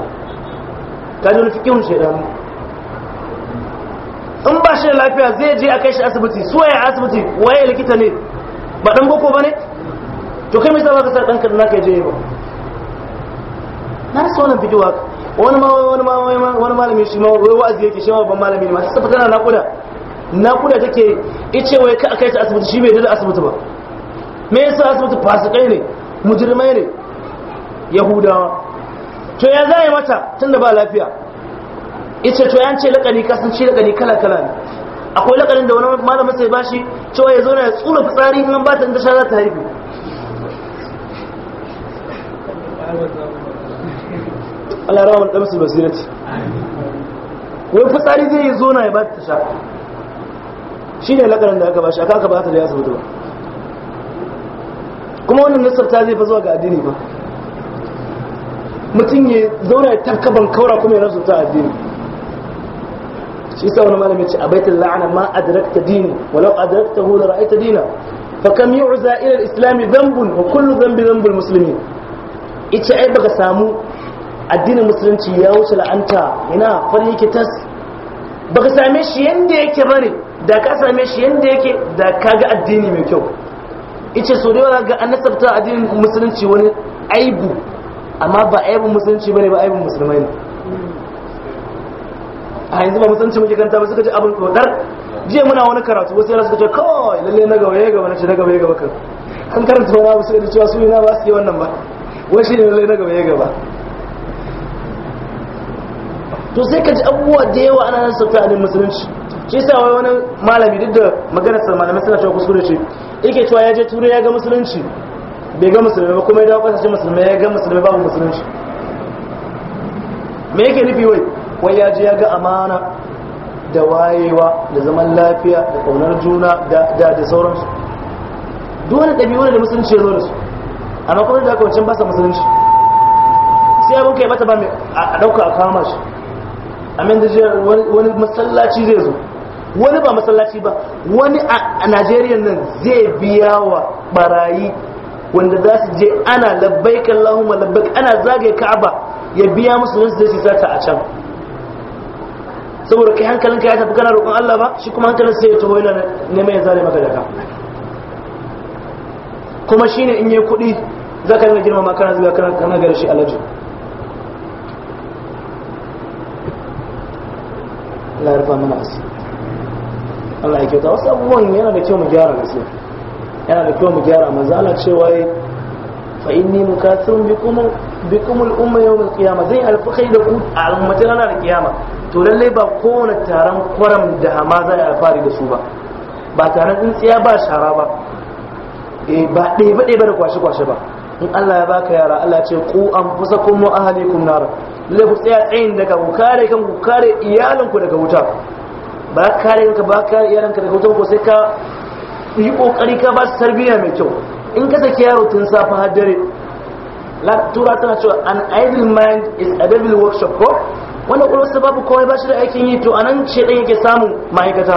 ka ji kyan shi shaidan in ba shi da lafiya zai je a kai shi asibiti su waye asibiti waye likita ne ba dan boko ba ne to kai mai sa ba ka sa ɗanka da naka je ba na rasa wannan fikiwa wani wani malami shi mawai wai wa'azi yake shi ma babban malami ne masu tafi tana nakuda nakuda take ice wai ka kai ta asibiti shi bai da asibiti ba me yasa asibiti fasikai ne mujrimai ne yahudawa to ya zai mata tunda ba lafiya ice to yan ce lakani kasance lakani kala kala ne akwai lakanin da wani malamin sai bashi cewa ya zo na ya tsura fitsari in an ba ta inda shara za ta haifi. Allah rahama da musu basirati wai fitsari zai yi zona ya ba ta sha shi ne lakarin da aka ba shi aka aka ba ta da ya sauto kuma wannan nasar ta zai fa zuwa ga addini ba mutum ya zauna ya tankaban kaura kuma ya rasu ta addini shi sa wani malamin ce a baitin la'ana ma a direkta dini walau adrakta hu a ra'aita dina fa kam yu'za ila al-islam dhanbun wa kullu zambi dhanbul musulmi ita ai baka samu addinin musulunci ya wuce la'anta ina fari yake tas baka same shi yanda yake bane da ka same shi yanda yake da ka ga addini mai kyau ice so dai ga an nasabta addinin musulunci wani aibu amma ba aibun musulunci bane ba aibun musulmai ne a yanzu ba musulunci muke kanta ba suka ji abin kodar jiya muna wani karatu wasu yana suka ce kawai lalle na gaba ya gaba na ce na gaba ya gaba kan an karanta ba su suka ji cewa su na ba su yi wannan ba wai shi ne lalle na gaba ya gaba to sai ka ji abubuwa da yawa ana nan sauta a musulunci shi sa wai wani malami duk da maganar sa malamai suna cewa kuskure ce yake cewa ya je turai ya ga musulunci bai ga musulmai ba kuma ya dawo kasashen musulmai ya ga musulmai babu musulunci me yake nufi wai wai ya je ya ga amana da wayewa da zaman lafiya da ƙaunar juna da da sauransu ɗabi wani da musulunci ya zo da su amma kuma da aka wancan ba sa musulunci sai abin kai mata ba mai a ɗauka a kama shi a mandajar wani masallaci zai zo wani ba masallaci ba wani a najeriya nan zai biya wa barayi wanda za su je ana labbaik allahumma labbaik ana zagaye ka'aba ya biya musu wani zai ta a can saboda kai hankalinka ya tafi kana roƙon Allah ba shi kuma hankalin sai ya taho yana neman ya zare maka daga kuma shine in yi kuɗi za ka yi girma ma kana zuwa kana gari shi alaji Allah ya rufa mana asiri Allah ya kyauta wasu abubuwan yana da kyau mu gyara gaskiya yana da kyau mu gyara manzo Allah cewa fa inni mukathirun bikum bikum umma yawm qiyamah zai alfakai da ku a ummatin ranar kiyama to lalle ba kowane taron kwaram da hama za a alfari da su ba ba taron tsintsiya ba shara ba eh ba ɗebe ba da kwashe kwashe ba in Allah ya baka yara Allah ce ku an fusa kuma ahalikum nara lai ku tsaya tsayin daga ku kare kan ku kare iyalanku daga wuta ba kare kanka ba kare iyalanka daga wuta ko sai ka yi kokari ka ba su tarbiyya mai kyau in ka saki yaro tun safa har dare tura tana cewa an idle mind is a devil workshop ko wannan ƙwararsa babu kawai ba shi da aikin yi to a nan ce ɗan yake samun ma'aikata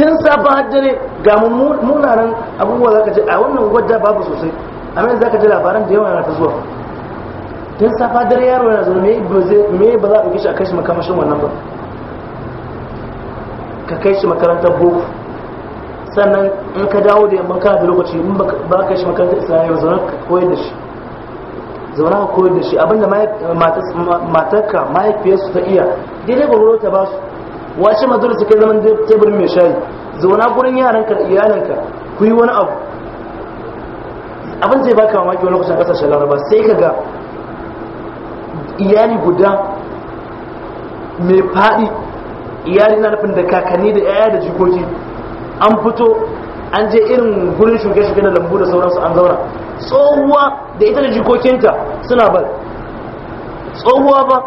tun safa har dare ga munanan abubuwa za ji a wannan wadda babu sosai amma mai za ka ji labaran da yawa na ta zuwa tun safa dare yaro ya zo me ba za a ɗauki shi a kai shi makamashin wannan ba ka kai shi makarantar boko sannan in ka dawo da yamma kana da lokaci in ba ka shi makarantar ba zaune ka koyar da shi zaune ka koyar da shi abinda matarka mahaifiyarsu ta iya daidai gwagwaro ta ba su wace mazuwa su kai zaman teburin mai shayi zaune gurin yaranka da iyalinka ku yi wani abu abin zai baka mamaki wani kusan kasashen laraba sai ka ga iyali guda mai faɗi iyali na nufin da kakanni da 'ya'ya da jikoki an fito an je irin gurin shuke-shuke da lambu da sauransu an zauna tsohuwa da ita da jikokinta suna bar tsohuwa ba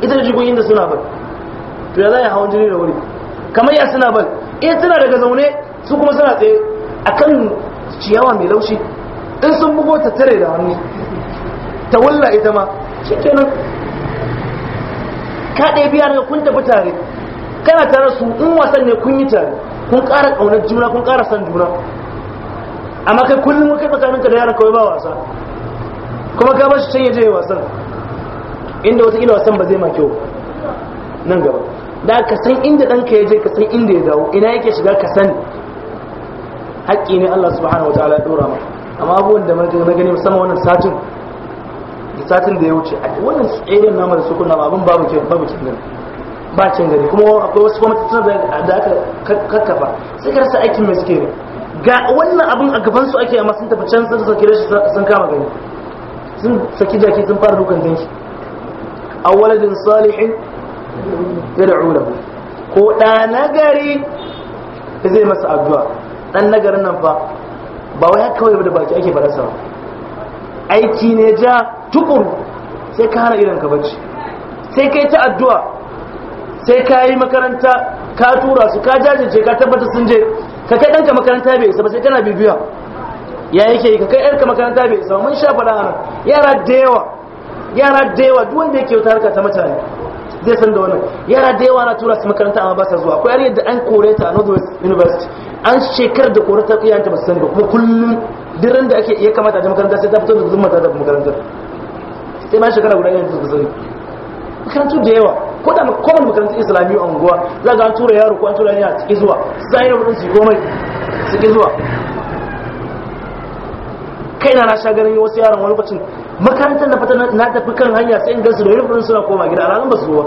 ita da jikokinta suna bar to ya za hawan jini da wuri kamar ya suna bar iya eh, suna daga zaune su kuma suna tsaye a kan ciyawa mai laushi in sun bugo ta tare da wani ta walla ita ma shi kenan ka ɗaya biya daga kun tafi tare kana tare su in wasan ne kun yi tare kun ƙara ƙaunar juna kun ƙara san juna amma kai kullum kai tsakaninka da yaran kawai ba wasa kuma ka bashi canye yaje wasan inda ila wasan ba zai ma kyau nan gaba da ka san inda ɗanka ya je ka san inda ya dawo ina yake shiga ka sani haƙƙi ne Allah subhanahu wa ta'ala ya ɗora ma amma abubuwan da na gani musamman wannan satin satin da ya wuce wannan tseren namar da sukuna ba abin babu kyau babu cikin ba cin gari kuma akwai wasu gwamnati da aka kakkafa sai karsa aikin mai suke ne ga wannan abin a gaban su ake amma sun tafi can sun saki rashi sun kama gani sun saki jaki sun fara dukan danki a waladin salihin ya da lahu ko ɗa nagari ya zai masa addu'a ɗan nagarin nan fa ba wai haka kawai da baki ake faɗa sa aiki ne ja tukuru sai ka hana idan ka bacci sai kai ta addu'a sai ka yi makaranta ka tura su ka jajirce ka tabbata sun je ka kai ɗanka makaranta bai isa ba sai kana bibiya ya yake yi ka kai ɗanka makaranta bai isa mun sha faɗa hana yara da yawa yara da yawa duk wanda yake wuta harka ta mutane zai san da wannan yara da yawa na tura su makaranta amma ba sa zuwa akwai yari yadda an kore ta a northwest university an shekar da kore ta kuyanta ba su sani ba kuma kullum duk da ake iya kamata a makaranta sai ta fito da zumata da makarantar sai ma shekara guda yanzu da zai makarantu da yawa ko da kowane makarantar islamiyu a unguwa za ga an tura yaro ko an tura yana ciki zuwa sai da mutum su komai ciki zuwa kai na sha ganin wasu yaron wani lokacin makarantar na fata na tafi kan hanya sai in gansu da yunifin suna koma gida alamun ba su zuwa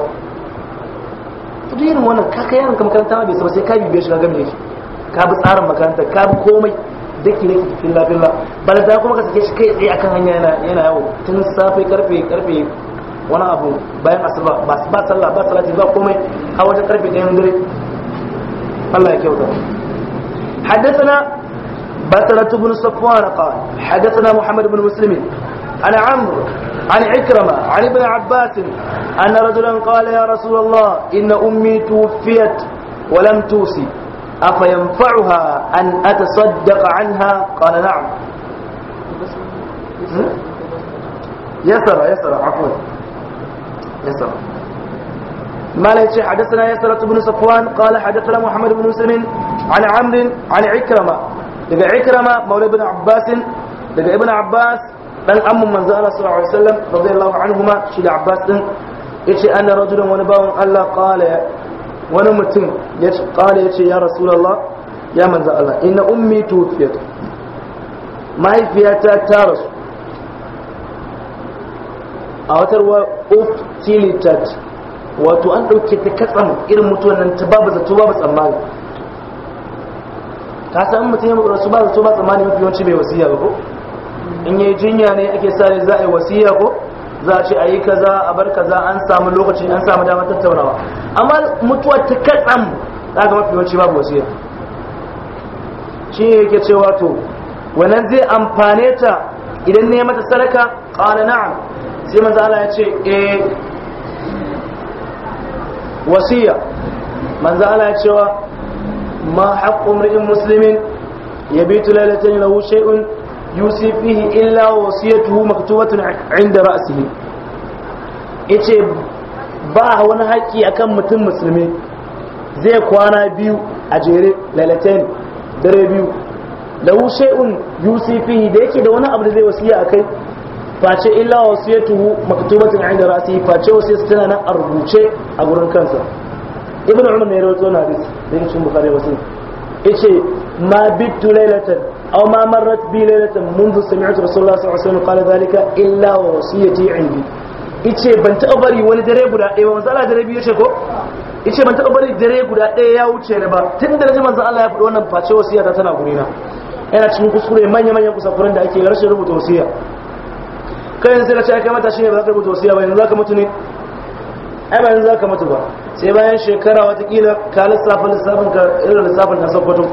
ta da irin wannan kaka yaron ka makaranta bai saba sai ka bibiye shi ka game shi ka bi tsarin makaranta ka bi komai daki daki filla filla bala da kuma ka shi kai tsaye akan hanya yana yana yawo tun safe karfe karfe wani abu bayan asuba ba ba sallah ba salati ba komai a wata karfe ɗayan dare Allah ya kyauta حدثنا بسرة بن صفوان قال حدثنا محمد بن مسلم عن عمرو عن عكرمة عن ابن عباس أن رجلا قال يا رسول الله إن أمي توفيت ولم توصي أفينفعها أن أتصدق عنها قال نعم يسر يسر عفوا يسر ما شيء حدثنا يسرة بن صفوان قال حدثنا محمد بن مسلم عن عمرو عن عكرمة لقى عكرمة مولى ابن عباس لقى ابن عباس بل أم من زار صلى الله عليه وسلم رضي الله عنهما شيل عباس إيش أن رجلا ونباهم ألا قال wani mutum ya kala ya ce ya rasulallah ya manza Allah ina ummi tufiyat mahaifiyata ta rasu a watar wa uftilitat wato an ɗauke ta katsan irin mutuwan nan ta babu zato babu tsammani ka san mutum ya rasu ba zato ba tsammani mafi yawanci bai wasiya ba ko in yi jinya ne ake sa za a yi wasiya ko za a ce a yi kaza a bar kaza an samu lokaci an samu dama tattaunawa amma mutuwa ta katsan za ga mafi yawanci babu wasiya shi ne yake cewa to wannan zai amfane ta idan ne mata sadaka qala na'am sai maza Allah ya ce eh wasiya manzo Allah ya cewa ma haqqu musulmin ya bi tulalatan lahu shay'un yusi fihi illa wasiyatuhu maktubatun inda ra'sihi yace ba wani haƙi akan mutum musulmi zai kwana biyu a jere lalatain dare biyu da wushe'un yusi fihi da yake da wani abu da zai wasiya akai face illa wasiyatuhu maktubatun inda ra'sihi face wasiyatu tana nan a rubuce a gurin kansa ibnu umar ne ya rawaito na hadisi da cikin bukhari wasu yace ma bitu lalatan أو ما مرت بي ليلة منذ سمعت رسول الله صلى الله عليه وسلم قال ذلك إلا ووصيتي عندي ice ban taɓa bari wani dare guda ɗaya wanzu Allah dare biyu ce ko ice ban taɓa bari dare guda ɗaya ya wuce ni ba tun da naji manzo Allah ya faɗi wannan face wasiya ta tana gurina yana cikin kuskure manya manyan kusakuren da ake rashin rubuta wasiya kai yanzu ka ce ai kai mata shine ba za ka rubuta wasiya ba yanzu za ka mutu ne ai ba yanzu za ka mutu ba sai bayan shekara kila ka lissafa lissafin ka irin lissafin na sokoto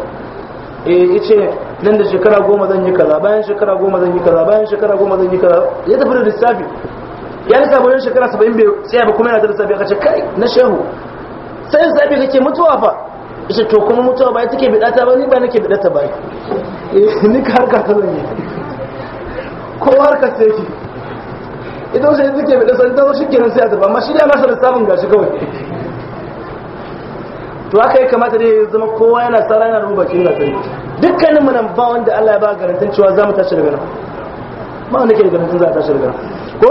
eh ice nan da shekara goma zan yi kaza bayan shekara goma zan yi kaza bayan shekara goma zan yi kaza ya tafi da lissafi ya lissafi wajen shekara saba'in bai tsaya ba kuma yana da lissafi aka ce kai na shehu sai lissafi kake mutuwa fa ita to kuma mutuwa ba take bidata ba ni ba nake bidata ba eh, ni ka harka ta zan yi ko harka sai Ita idan sai ke bidata sai ta zo shi kenan sai a tafi amma shi da nasa lissafin gashi kawai to haka ya kamata dai ya zama kowa yana sara yana rubakin kin yi. dukkanin mu ba wanda Allah ya ba garantin cewa za mu tashi daga nan ba wanda ke da garantin za a tashi daga nan ko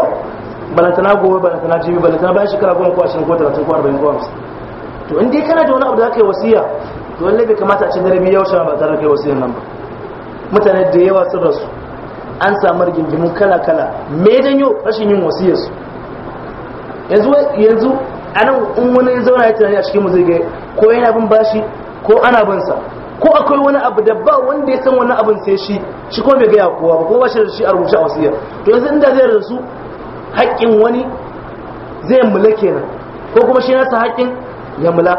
balantana gobe balantana jibi balantana bayan shekara goma ko ashirin ko talatin ko arba'in ko hamsin to in dai kana da wani abu da aka yi wasiya to wani bai kamata a ce darabi yau sha ba tare da kai wasiyan nan ba mutane da yawa sun rasu an samu rigingimu kala kala me dan yau rashin yin wasiyar su yanzu yanzu anan in wani ya zauna ya tunani a cikin mu zai ga ko yana bin bashi ko ana bin sa ko akwai wani abu da ba wanda ya san wani abin sai shi shi ko bai gaya kowa ba ko ba shi da shi a rubuce a wasiyar to yanzu inda zai rasu haƙƙin wani zai mula kenan ko kuma shi nasa haƙƙin ya mula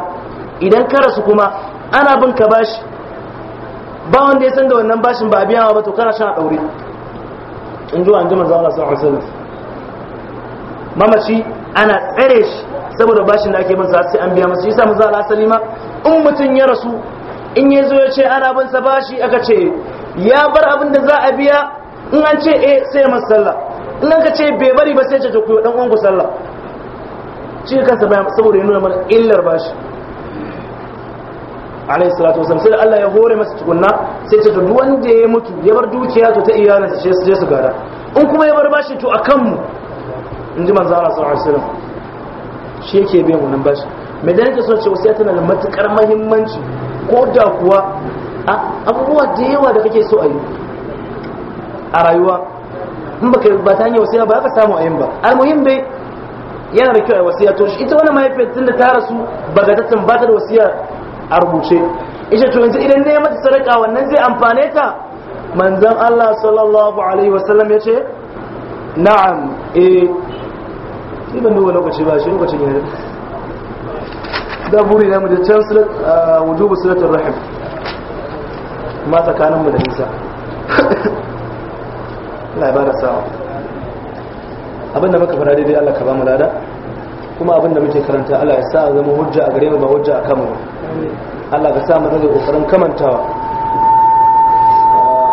idan ka rasu kuma ana bin ka bashi ba wanda ya san da wannan bashin ba a biya ba to kana shan a ɗaure in ji wa an ji manzo Allah sallallahu alaihi wasallam mamaci ana tsare shi saboda bashin da ake masa sai an biya masa shi yasa manzo Allah sallima in mutun ya rasu in ya zo ya ce ana bin sa bashi aka ce ya bar abin da za a biya in an ce eh sai masa sallah in an ka ce bai bari ba sai ce ku dan uwan ku sallah shi kansa bayan saboda ya nuna mana illar bashi alayhi salatu wasallam sai Allah ya hore masa tukunna sai ce duk wanda ya mutu ya bar dukiya to ta iyalansa sai su je su in kuma ya bar bashi to akan mu in ji manzo Allah sallallahu alaihi wasallam shi yake biyan wannan bashi me da nake so ce wasiya tana da matukar muhimmanci ko da kuwa abubuwa da yawa da kake so a yi a rayuwa in baka ba ta hanyar wasiya ba ka samu a yin ba almuhim bai yana da kyau a wasiya to ita wani mahaifiyar tun da ta rasu bagatatan ba ta da wasiya a rubuce ita to yanzu idan ne mata sadaka wannan zai amfane ta manzan Allah sallallahu alaihi wasallam ya ce na'am eh sai ban duba lokaci ba shi lokacin yana da buri na muje can wujubu silatul rahim ma tsakaninmu da nisa Allah ya bada sawa abinda muka fara daidai Allah ka ba mu lada kuma abinda muke karanta Allah ya sa zama hujja a gare mu ba hujja a kanmu Allah ka sa mu rage kokarin kamantawa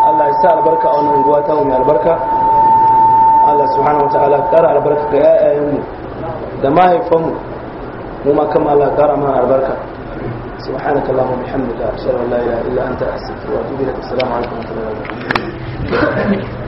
Allah ya sa albarka a wannan unguwa ta mu mai albarka Allah subhanahu wataala ka kara albarka ga mu da mahaifanmu وما كم الله كرم البركة سبحانك اللهم وبحمدك أشهد أن لا إله إلا أنت أستغفرك وأتوب إليك السلام عليكم ورحمة الله وبركاته